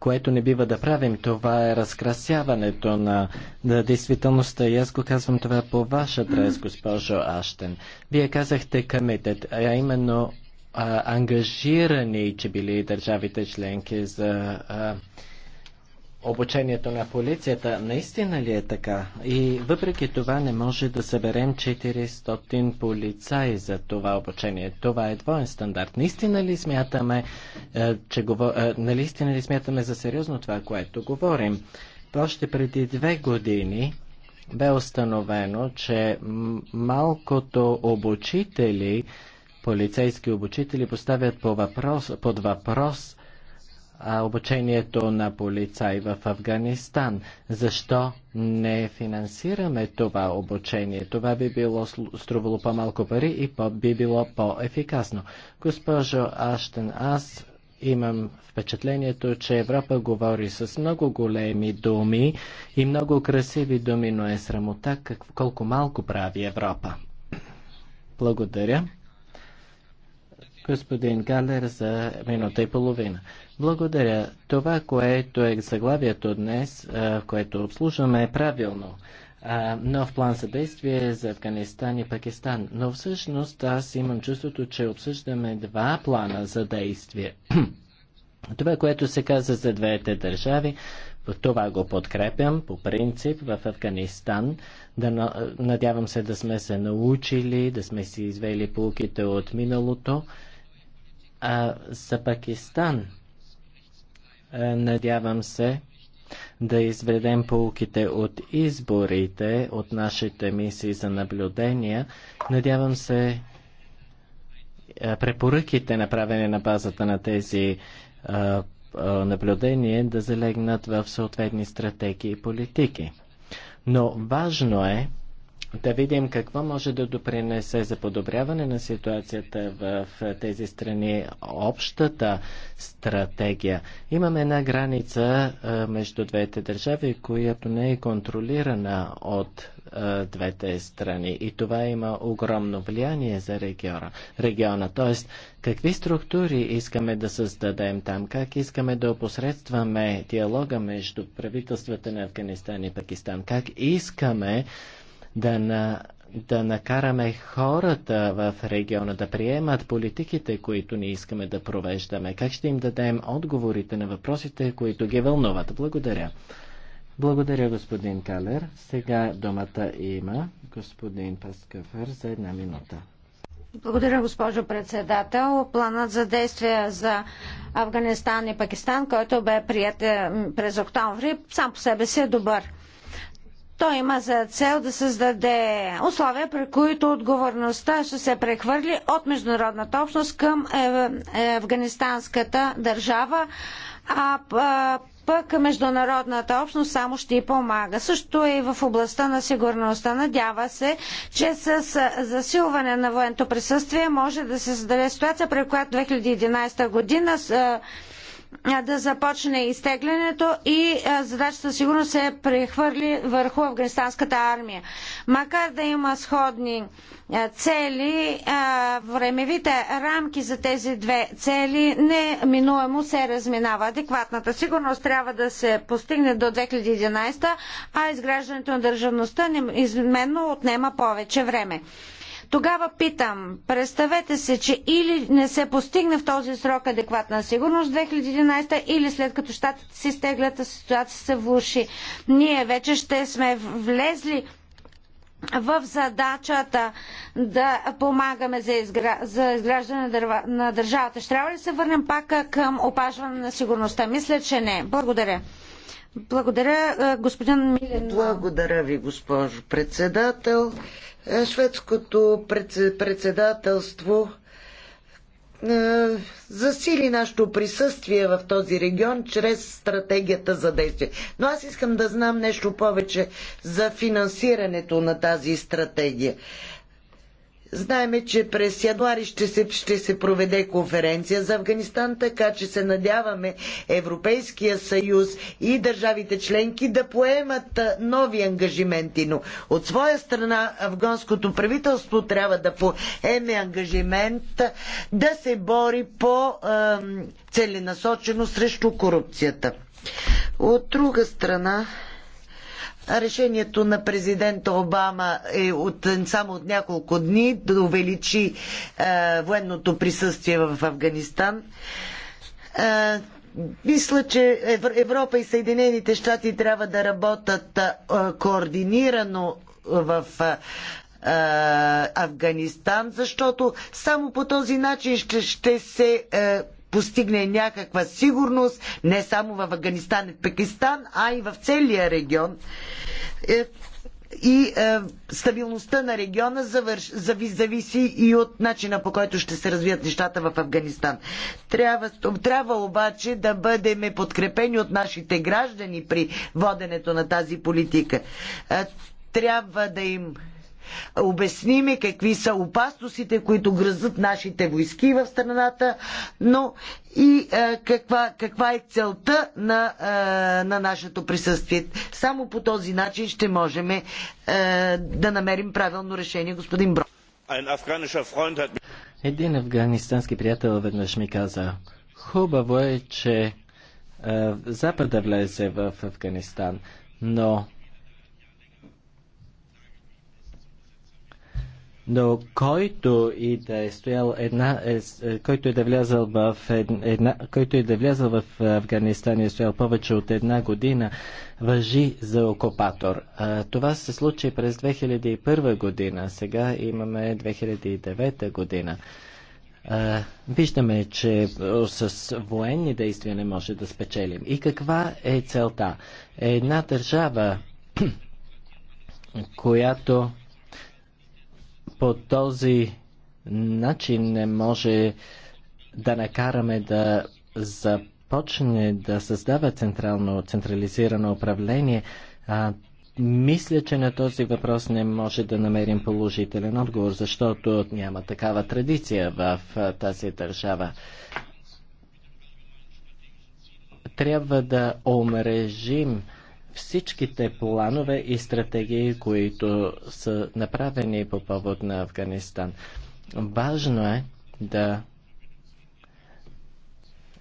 което не бива да правим. Това е разкрасяването на, на действителността. И аз го казвам това по ваша адрес, госпожо Аштен. Вие казахте комитет, а именно а, ангажирани, че били държавите членки за а, обучението на полицията. Наистина ли е така? И въпреки това не може да съберем 400 полицаи за това обучение. Това е двоен стандарт. Наистина ли смятаме, е, че говор... Е, наистина нали ли смятаме за сериозно това, което говорим? Още преди две години бе установено, че малкото обучители, полицейски обучители, поставят по въпрос, под въпрос обучението на полицаи в Афганистан. Защо не финансираме това обучение? Това би било струвало по-малко пари и по- би било по-ефикасно. Госпожо Аштен, аз имам впечатлението, че Европа говори с много големи думи и много красиви думи, но е срамота как, колко малко прави Европа. Благодаря. Господин Галер за минута и половина. Благодаря. Това, което е заглавието днес, което обслужваме, е правилно. Нов план за действие за Афганистан и Пакистан. Но всъщност аз имам чувството, че обсъждаме два плана за действие. Това, което се каза за двете държави, това го подкрепям по принцип в Афганистан. Да, надявам се да сме се научили, да сме си извели полуките от миналото. А за Пакистан е, надявам се да изведем полуките от изборите, от нашите мисии за наблюдения. Надявам се е, препоръките, направени на базата на тези е, наблюдения, да залегнат в съответни стратегии и политики. Но важно е да видим какво може да допринесе за подобряване на ситуацията в тези страни общата стратегия. Имаме една граница между двете държави, която не е контролирана от двете страни. И това има огромно влияние за региона. региона. Тоест, какви структури искаме да създадем там, как искаме да опосредстваме диалога между правителствата на Афганистан и Пакистан, как искаме да, на, да накараме хората в региона да приемат политиките, които ние искаме да провеждаме? Как ще им дадем отговорите на въпросите, които ги вълнуват? Благодаря. Благодаря, господин Калер. Сега думата има господин Паскафър за една минута. Благодаря, госпожо председател. Планът за действие за Афганистан и Пакистан, който бе прият е, през октомври, сам по себе си е добър. Той има за цел да създаде условия, при които отговорността ще се прехвърли от международната общност към е, е, афганистанската държава, а пък международната общност само ще й помага. Също е и в областта на сигурността. Надява се, че с засилване на военното присъствие може да се създаде ситуация, при която 2011 година да започне изтеглянето и задачата сигурно се прехвърли върху афганистанската армия. Макар да има сходни цели, времевите рамки за тези две цели неминуемо се разминава. Адекватната сигурност трябва да се постигне до 2011, а изграждането на държавността неизменно отнема повече време. Тогава питам, представете се, че или не се постигне в този срок адекватна сигурност 2011 или след като щатите си стеглят, ситуация се влуши. Ние вече ще сме влезли в задачата да помагаме за, изгра... за изграждане на, дърва... на държавата. Ще трябва ли се върнем пак към опазване на сигурността? Мисля, че не. Благодаря. Благодаря, е, господин Милен. Благодаря ви, госпожо председател. Е, шведското председателство е, засили нашето присъствие в този регион чрез стратегията за действие. Но аз искам да знам нещо повече за финансирането на тази стратегия. Знаеме, че през януари ще се, ще се проведе конференция за Афганистан, така че се надяваме Европейския съюз и държавите членки да поемат нови ангажименти. Но от своя страна афганското правителство трябва да поеме ангажимент да се бори по целенасочено срещу корупцията. От друга страна, Решението на президента Обама е от, само от няколко дни да увеличи е, военното присъствие в Афганистан. Е, мисля, че Европа и Съединените щати трябва да работят е, координирано в е, Афганистан, защото само по този начин ще, ще се е, постигне някаква сигурност не само в Афганистан и Пакистан, а и в целия регион. Е, и е, стабилността на региона завърш, зависи и от начина по който ще се развият нещата в Афганистан. Трябва, трябва обаче да бъдем подкрепени от нашите граждани при воденето на тази политика. Е, трябва да им обясниме какви са опасностите, които гръзат нашите войски в страната, но и е, каква, каква е целта на, е, на нашето присъствие. Само по този начин ще можем е, да намерим правилно решение, господин Бро. Един афганистански приятел веднъж ми каза, хубаво е, че е, Запада влезе в Афганистан, но но който и да е стоял една, е, е който и да е влязал в една, който и да е влязал в Афганистан и е стоял повече от една година, въжи за окупатор. Това се случи през 2001 година, сега имаме 2009 година. Виждаме, че с военни действия не може да спечелим. И каква е целта? Една държава, която по този начин не може да накараме да започне да създава централно, централизирано управление. А, мисля, че на този въпрос не може да намерим положителен отговор, защото няма такава традиция в тази държава. Трябва да омрежим всичките планове и стратегии, които са направени по повод на Афганистан. Важно е да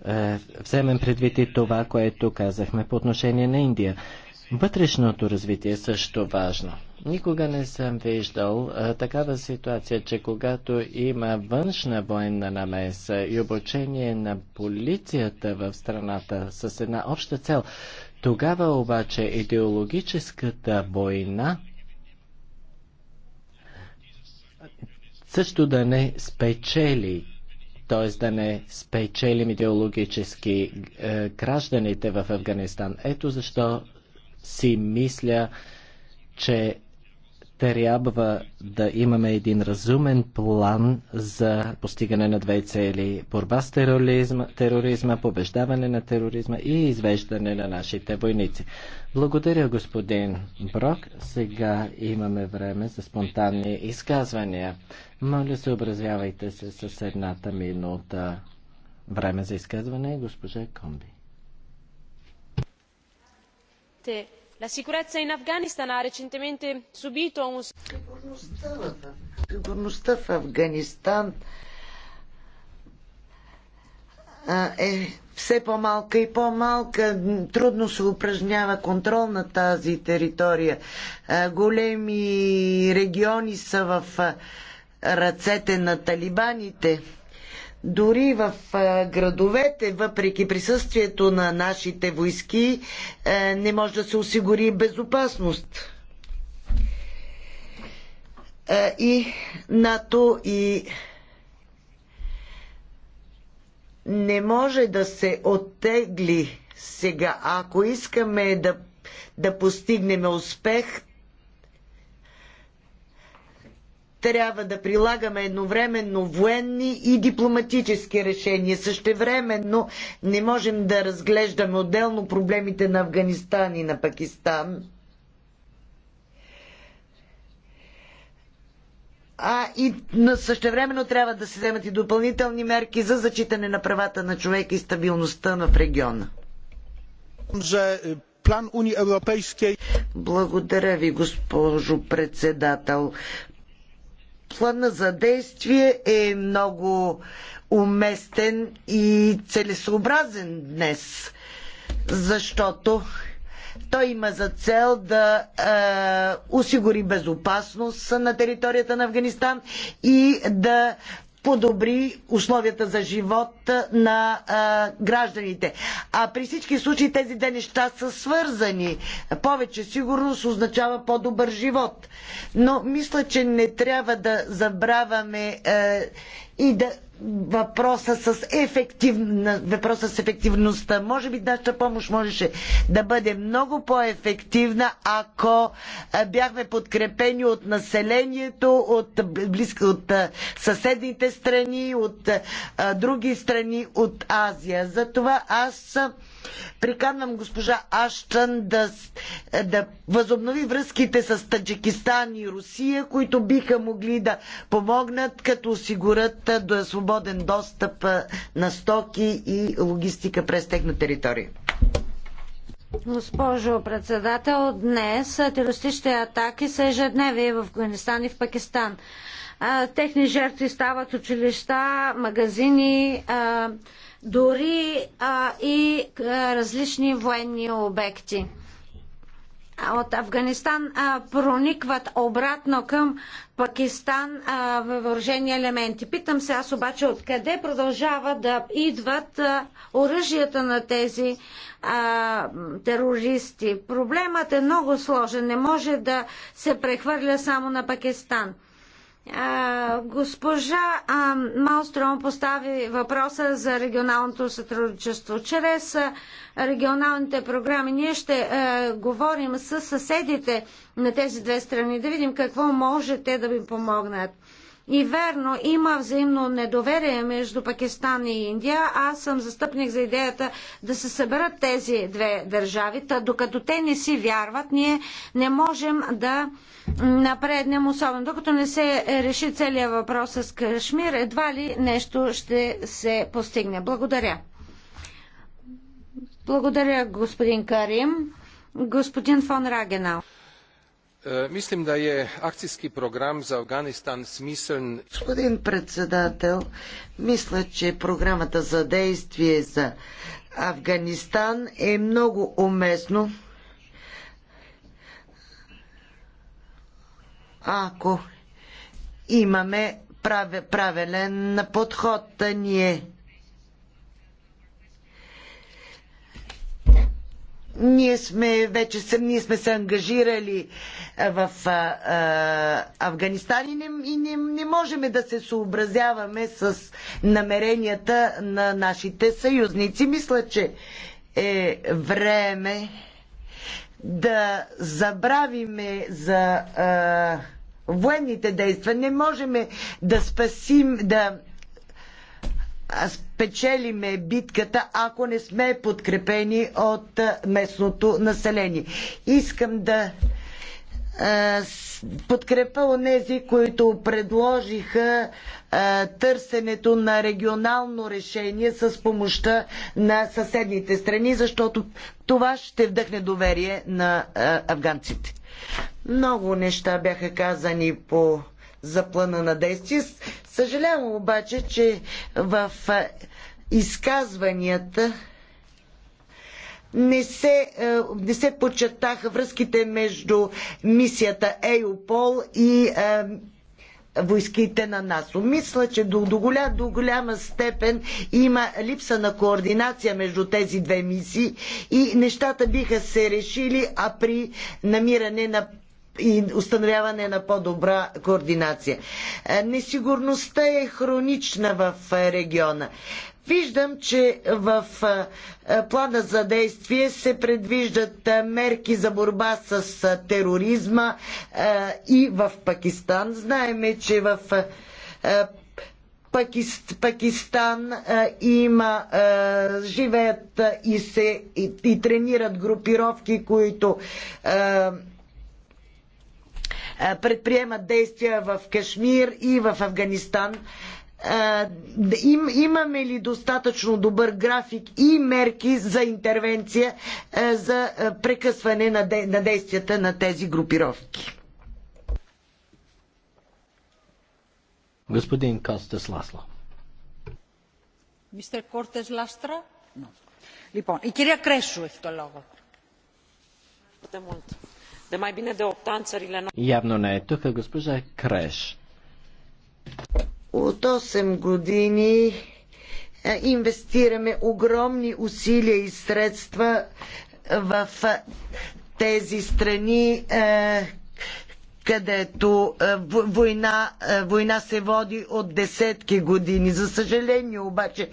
е, вземем предвид и това, което казахме по отношение на Индия. Вътрешното развитие е също важно. Никога не съм виждал а, е, такава ситуация, че когато има външна военна намеса и обучение на полицията в страната с една обща цел, тогава обаче идеологическата война също да не спечели, т.е. да не спечелим идеологически е, гражданите в Афганистан. Ето защо си мисля, че трябва да имаме един разумен план за постигане на две цели. Борба с тероризма, тероризма, побеждаване на тероризма и извеждане на нашите войници. Благодаря, господин Брок. Сега имаме време за спонтанни изказвания. Моля, съобразявайте се с едната минута. Време за изказване, госпожа Комби. La sicurezza in Afghanistan ha recentemente subito un... Сигурността в Афганистан е все по-малка и по-малка. Трудно се упражнява контрол на тази територия. Големи региони са в ръцете на талибаните. Дори в градовете, въпреки присъствието на нашите войски, не може да се осигури безопасност. И НАТО и не може да се оттегли сега. Ако искаме да, да постигнем успех, трябва да прилагаме едновременно военни и дипломатически решения. Същевременно не можем да разглеждаме отделно проблемите на Афганистан и на Пакистан. а и същевременно трябва да се вземат и допълнителни мерки за зачитане на правата на човека и стабилността в региона. Е, Благодаря ви, госпожо председател плана за действие е много уместен и целесообразен днес, защото той има за цел да е, осигури безопасност на територията на Афганистан и да подобри условията за живот на а, гражданите. А при всички случаи тези две неща са свързани. Повече сигурност означава по-добър живот. Но мисля, че не трябва да забравяме а, е, и да въпроса с, ефективна, въпроса с ефективността. Може би нашата помощ можеше да бъде много по-ефективна, ако бяхме подкрепени от населението, от, близко, от съседните страни, от а, други страни от Азия. Затова аз приканвам госпожа Аштън да, да възобнови връзките с Таджикистан и Русия, които биха могли да помогнат като осигурят до свободен достъп на стоки и логистика през техна територия. Госпожо председател, днес терористичните атаки са ежедневие в Афганистан и в Пакистан. Техни жертви стават училища, магазини, дори и различни военни обекти от Афганистан а, проникват обратно към Пакистан а, във въоръжени елементи. Питам се аз обаче откъде продължава да идват а, оръжията на тези а, терористи. Проблемът е много сложен. Не може да се прехвърля само на Пакистан. А, госпожа а, Малстром постави въпроса за регионалното сътрудничество. Чрез а, регионалните програми ние ще говорим с съседите на тези две страни, да видим какво може те да ви помогнат. И верно, има взаимно недоверие между Пакистан и Индия. Аз съм застъпник за идеята да се съберат тези две държави. Та, докато те не си вярват, ние не можем да напреднем особено. Докато не се реши целият въпрос с Кашмир, едва ли нещо ще се постигне. Благодаря. Благодаря, господин Карим. Господин фон Рагенал. Е, мислим да е акцийски програм за Афганистан смислен. Господин председател, мисля, че програмата за действие за Афганистан е много уместно. Ако имаме правилен подход, ние Ние сме вече съм, ние сме се ангажирали в а, а, Афганистан и, не, и не, не можем да се съобразяваме с намеренията на нашите съюзници. Мисля, че е време да забравиме за а, военните действия. Не можем да спасим, да спечелиме битката, ако не сме подкрепени от местното население. Искам да подкрепа онези, които предложиха търсенето на регионално решение с помощта на съседните страни, защото това ще вдъхне доверие на афганците. Много неща бяха казани по за плана на действие. Съжалявам обаче, че в изказванията не се, не се подчертаха връзките между мисията Еюпол и е, войските на НАСО. Мисля, че до, до, голя, до голяма степен има липса на координация между тези две мисии и нещата биха се решили, а при намиране на и установяване на по-добра координация. Е, несигурността е хронична в е, региона. Виждам, че в е, плана за действие се предвиждат мерки за борба с тероризма и в Пакистан. Знаеме, че в Пакистан има, живеят и се и, и тренират групировки, които предприемат действия в Кашмир и в Афганистан. Им, имаме ли достатъчно добър график и мерки за интервенция за прекъсване на, де, на действията на тези групировки? Господин Костес Ласло. Мистер Кортес Ластра? Липон. И кирия κυρία е в το de mai bine de 8 ani țările... Явно e не е тук, госпожа Креш. От 8 години инвестираме огромни усилия и средства в е, тези страни, е, където е, война, е, война се води от десетки години. За съжаление обаче е,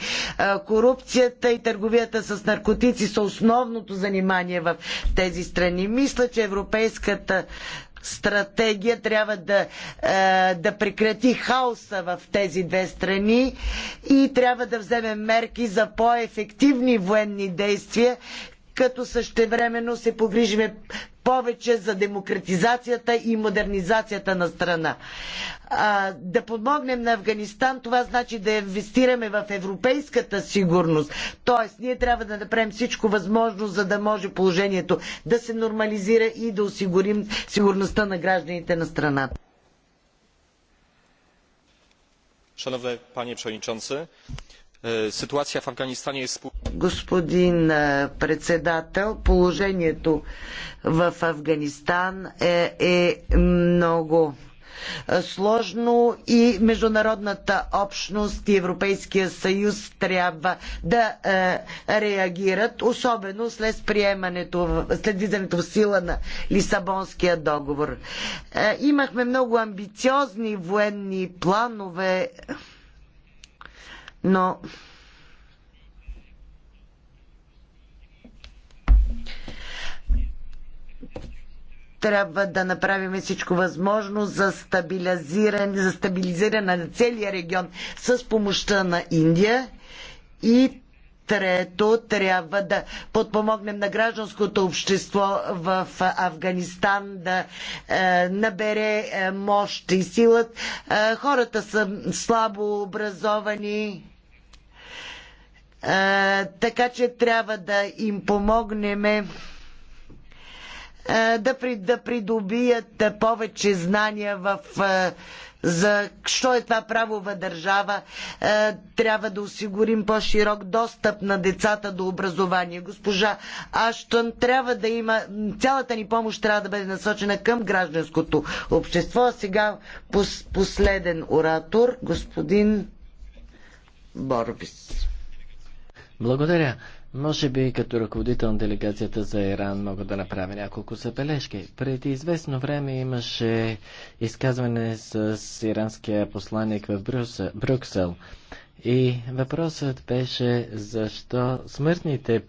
корупцията и търговията с наркотици са основното занимание в тези страни. Мисля, че европейската стратегия трябва да, да прекрати хаоса в тези две страни и трябва да вземе мерки за по-ефективни военни действия, като същевременно се погрижиме повече за демократизацията и модернизацията на страна. А, да подмогнем на Афганистан, това значи да инвестираме в европейската сигурност. Тоест, ние трябва да направим всичко възможно, за да може положението да се нормализира и да осигурим сигурността на гражданите на страната. Шановне пани Przewodniczący, е, ситуация в Афганистан е... Господин е, председател, положението в Афганистан е, е много е, сложно и международната общност и Европейския съюз трябва да е, реагират, особено след приемането, след влизането в сила на Лисабонския договор. Е, имахме много амбициозни военни планове но трябва да направим всичко възможно за стабилизиране, за стабилизиране на целия регион с помощта на Индия и Трето, трябва да подпомогнем на гражданското общество в Афганистан да е, набере е, мощ и силът. Е, хората са слабо образовани така че трябва да им помогнем да, да придобият повече знания в за що е това правова държава, трябва да осигурим по-широк достъп на децата до образование. Госпожа Аштон трябва да има, цялата ни помощ трябва да бъде насочена към гражданското общество. А сега пос, последен оратор, господин Борбис. Благодаря. Може би като ръководител на делегацията за Иран мога да направя няколко забележки. Преди известно време имаше изказване с иранския посланник в Брюксел. И въпросът беше защо смъртните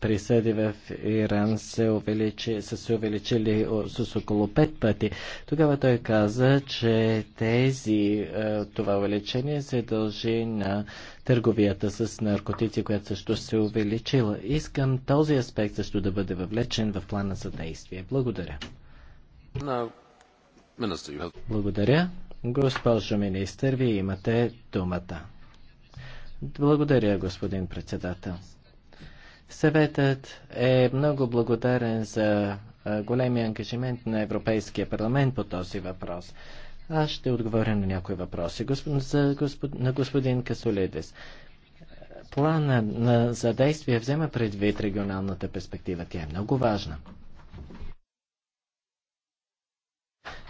присъди в Иран се увеличи, са се увеличили с около пет пъти. Тогава той каза, че тези, е, това увеличение се дължи на търговията с наркотици, която също се увеличила. Искам този аспект също да бъде въвлечен в плана за действие. Благодаря. Благодаря. Госпожо министър, вие имате думата. Благодаря, господин председател. Съветът е много благодарен за големия ангажимент на Европейския парламент по този въпрос. Аз ще отговоря на някои въпроси Госп... за господ... на господин Касолидис. Плана на... за действие взема предвид регионалната перспектива. Тя е много важна.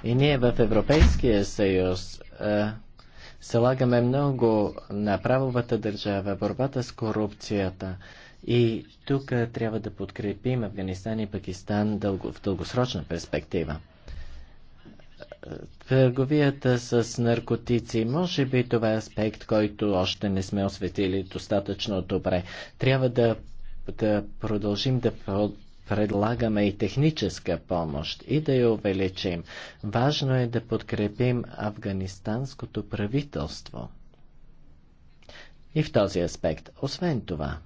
И ние в Европейския съюз а, Залагаме много на правовата държава, борбата с корупцията. И тук трябва да подкрепим Афганистан и Пакистан в дългосрочна перспектива. Търговията с наркотици, може би това е аспект, който още не сме осветили достатъчно добре. Трябва да, да продължим да предлагаме и техническа помощ и да я увеличим. Важно е да подкрепим афганистанското правителство. И в този аспект, освен това,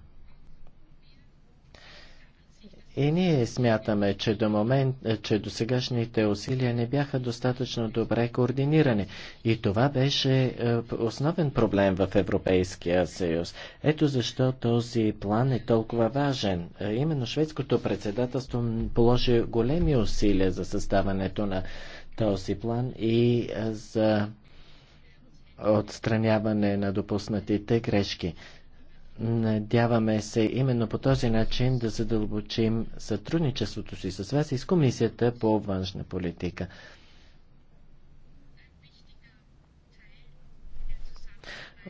и ние смятаме, че до, момент, е, че до сегашните усилия не бяха достатъчно добре координирани. И това беше е, основен проблем в Европейския съюз. Ето защо този план е толкова важен. Е, именно шведското председателство положи големи усилия за съставането на този план и за отстраняване на допуснатите грешки. Надяваме се именно по този начин да задълбочим сътрудничеството си с вас и с Комисията по външна политика.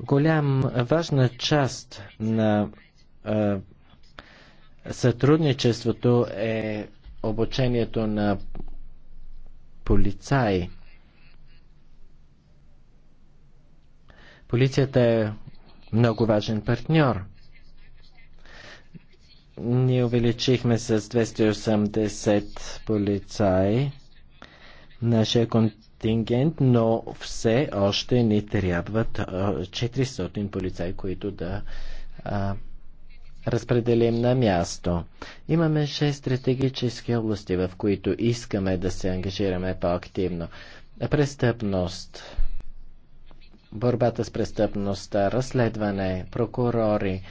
Голям важна част на а, сътрудничеството е обучението на полицаи. Полицията е много важен партньор. Ние увеличихме с 280 полицаи нашия контингент, но все още ни трябват 400 полицаи, които да а, разпределим на място. Имаме 6 стратегически области, в които искаме да се ангажираме по-активно. Престъпност, борбата с престъпността, разследване, прокурори,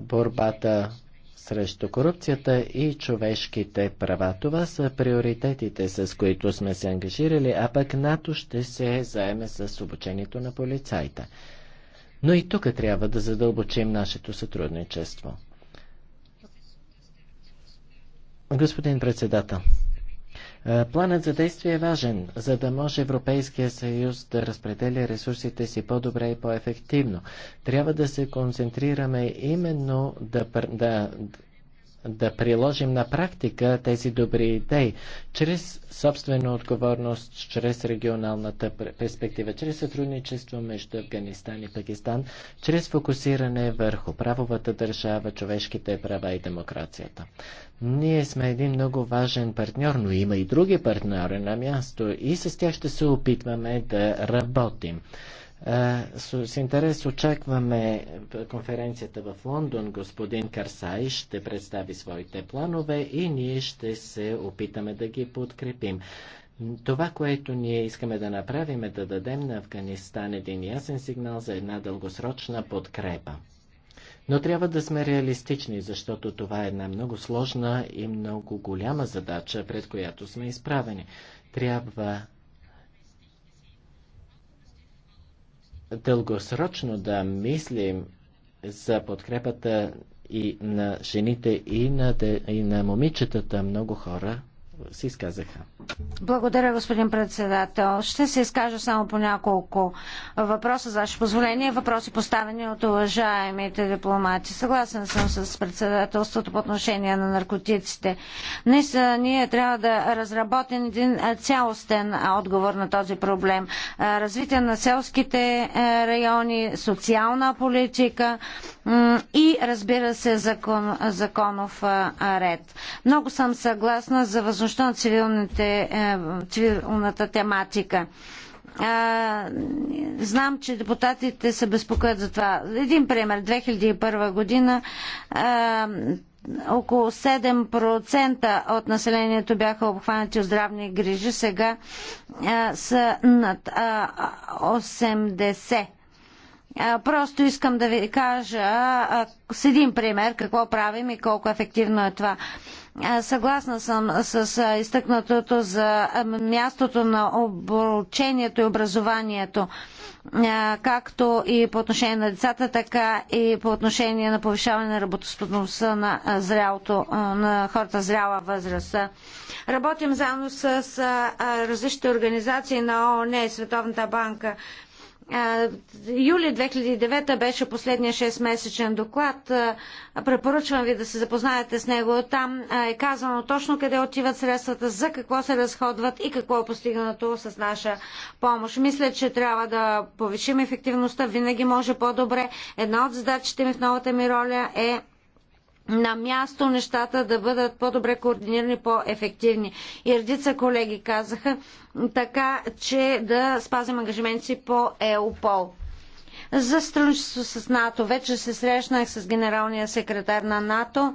борбата срещу корупцията и човешките права. Това са приоритетите, с които сме се ангажирали, а пък НАТО ще се заеме с обучението на полицайта. Но и тук трябва да задълбочим нашето сътрудничество. Господин председател, е, планът за действие е важен, за да може Европейския съюз да разпределя ресурсите си по-добре и по-ефективно. Трябва да се концентрираме именно да, да да приложим на практика тези добри идеи, чрез собствена отговорност, чрез регионалната перспектива, чрез сътрудничество между Афганистан и Пакистан, чрез фокусиране върху правовата държава, човешките права и демокрацията. Ние сме един много важен партньор, но има и други партньори на място и с тях ще се опитваме да работим. Е, с интерес очакваме конференцията в Лондон. Господин Карсай ще представи своите планове и ние ще се опитаме да ги подкрепим. Това, което ние искаме да направим е да дадем на Афганистан един ясен сигнал за една дългосрочна подкрепа. Но трябва да сме реалистични, защото това е една много сложна и много голяма задача, пред която сме изправени. Трябва дългосрочно да мислим за подкрепата и на жените, и на, и на момичетата. Много хора се изказаха. Благодаря, господин председател. Ще се изкажа само по няколко въпроса за ваше позволение. Въпроси поставени от уважаемите дипломати. Съгласен съм с председателството по отношение на наркотиците. Наистина ние трябва да разработим един цялостен отговор на този проблем. Развитие на селските е, райони, социална политика, и разбира се закон, законов ред. Много съм съгласна за възможността на е, цивилната тематика. А, знам, че депутатите се безпокоят за това. Един пример. 2001 година а, около 7% от населението бяха обхванати от здравни грижи, сега а, са над а, 80%. Просто искам да ви кажа с един пример какво правим и колко ефективно е това. Съгласна съм с изтъкнатото за мястото на обучението и образованието, както и по отношение на децата, така и по отношение на повишаване на работоспособността на, зрялото, на хората зряла възраст. Работим заедно с различните организации на ООН, Световната банка, Юли 2009 беше последния 6-месечен доклад. Препоръчвам ви да се запознаете с него. Там е казано точно къде отиват средствата, за какво се разходват и какво е постигнато с наша помощ. Мисля, че трябва да повишим ефективността. Винаги може по-добре. Една от задачите ми в новата ми роля е на място нещата да бъдат по-добре координирани, по-ефективни. И редица колеги казаха така, че да спазим ангажименти си по ЕОПОЛ. За сътрудничество с НАТО вече се срещнах с генералния секретар на НАТО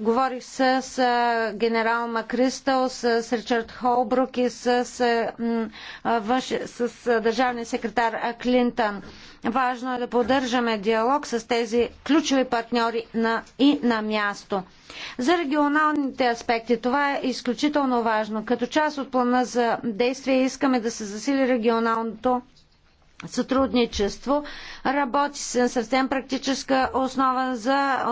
говорих с генерал Макристъл, с, с Ричард Холбрук и с, с, външ, с, с държавния секретар Клинтън. Важно е да поддържаме диалог с тези ключови партньори на, и на място. За регионалните аспекти това е изключително важно. Като част от плана за действие искаме да се засили регионалното сътрудничество. Работи се на съвсем практическа основа за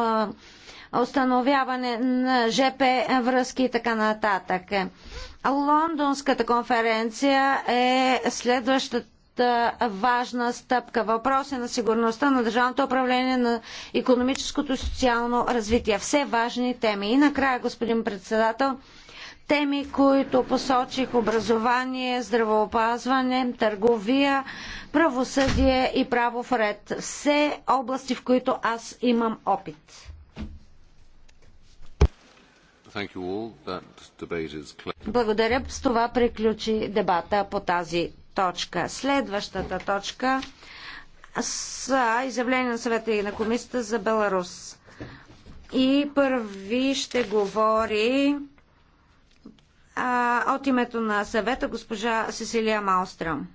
установяване на ЖП връзки и така нататък. Лондонската конференция е следващата важна стъпка. Въпрос е на сигурността на държавното управление на економическото и социално развитие. Все важни теми. И накрая, господин председател, теми, които посочих образование, здравеопазване, търговия, правосъдие и правов ред. Все области, в които аз имам опит. Благодаря. С това приключи дебата по тази точка. Следващата точка са изявления на съвета и на комисията за Беларус. И първи ще говори а, от името на съвета госпожа Сесилия Малстрам.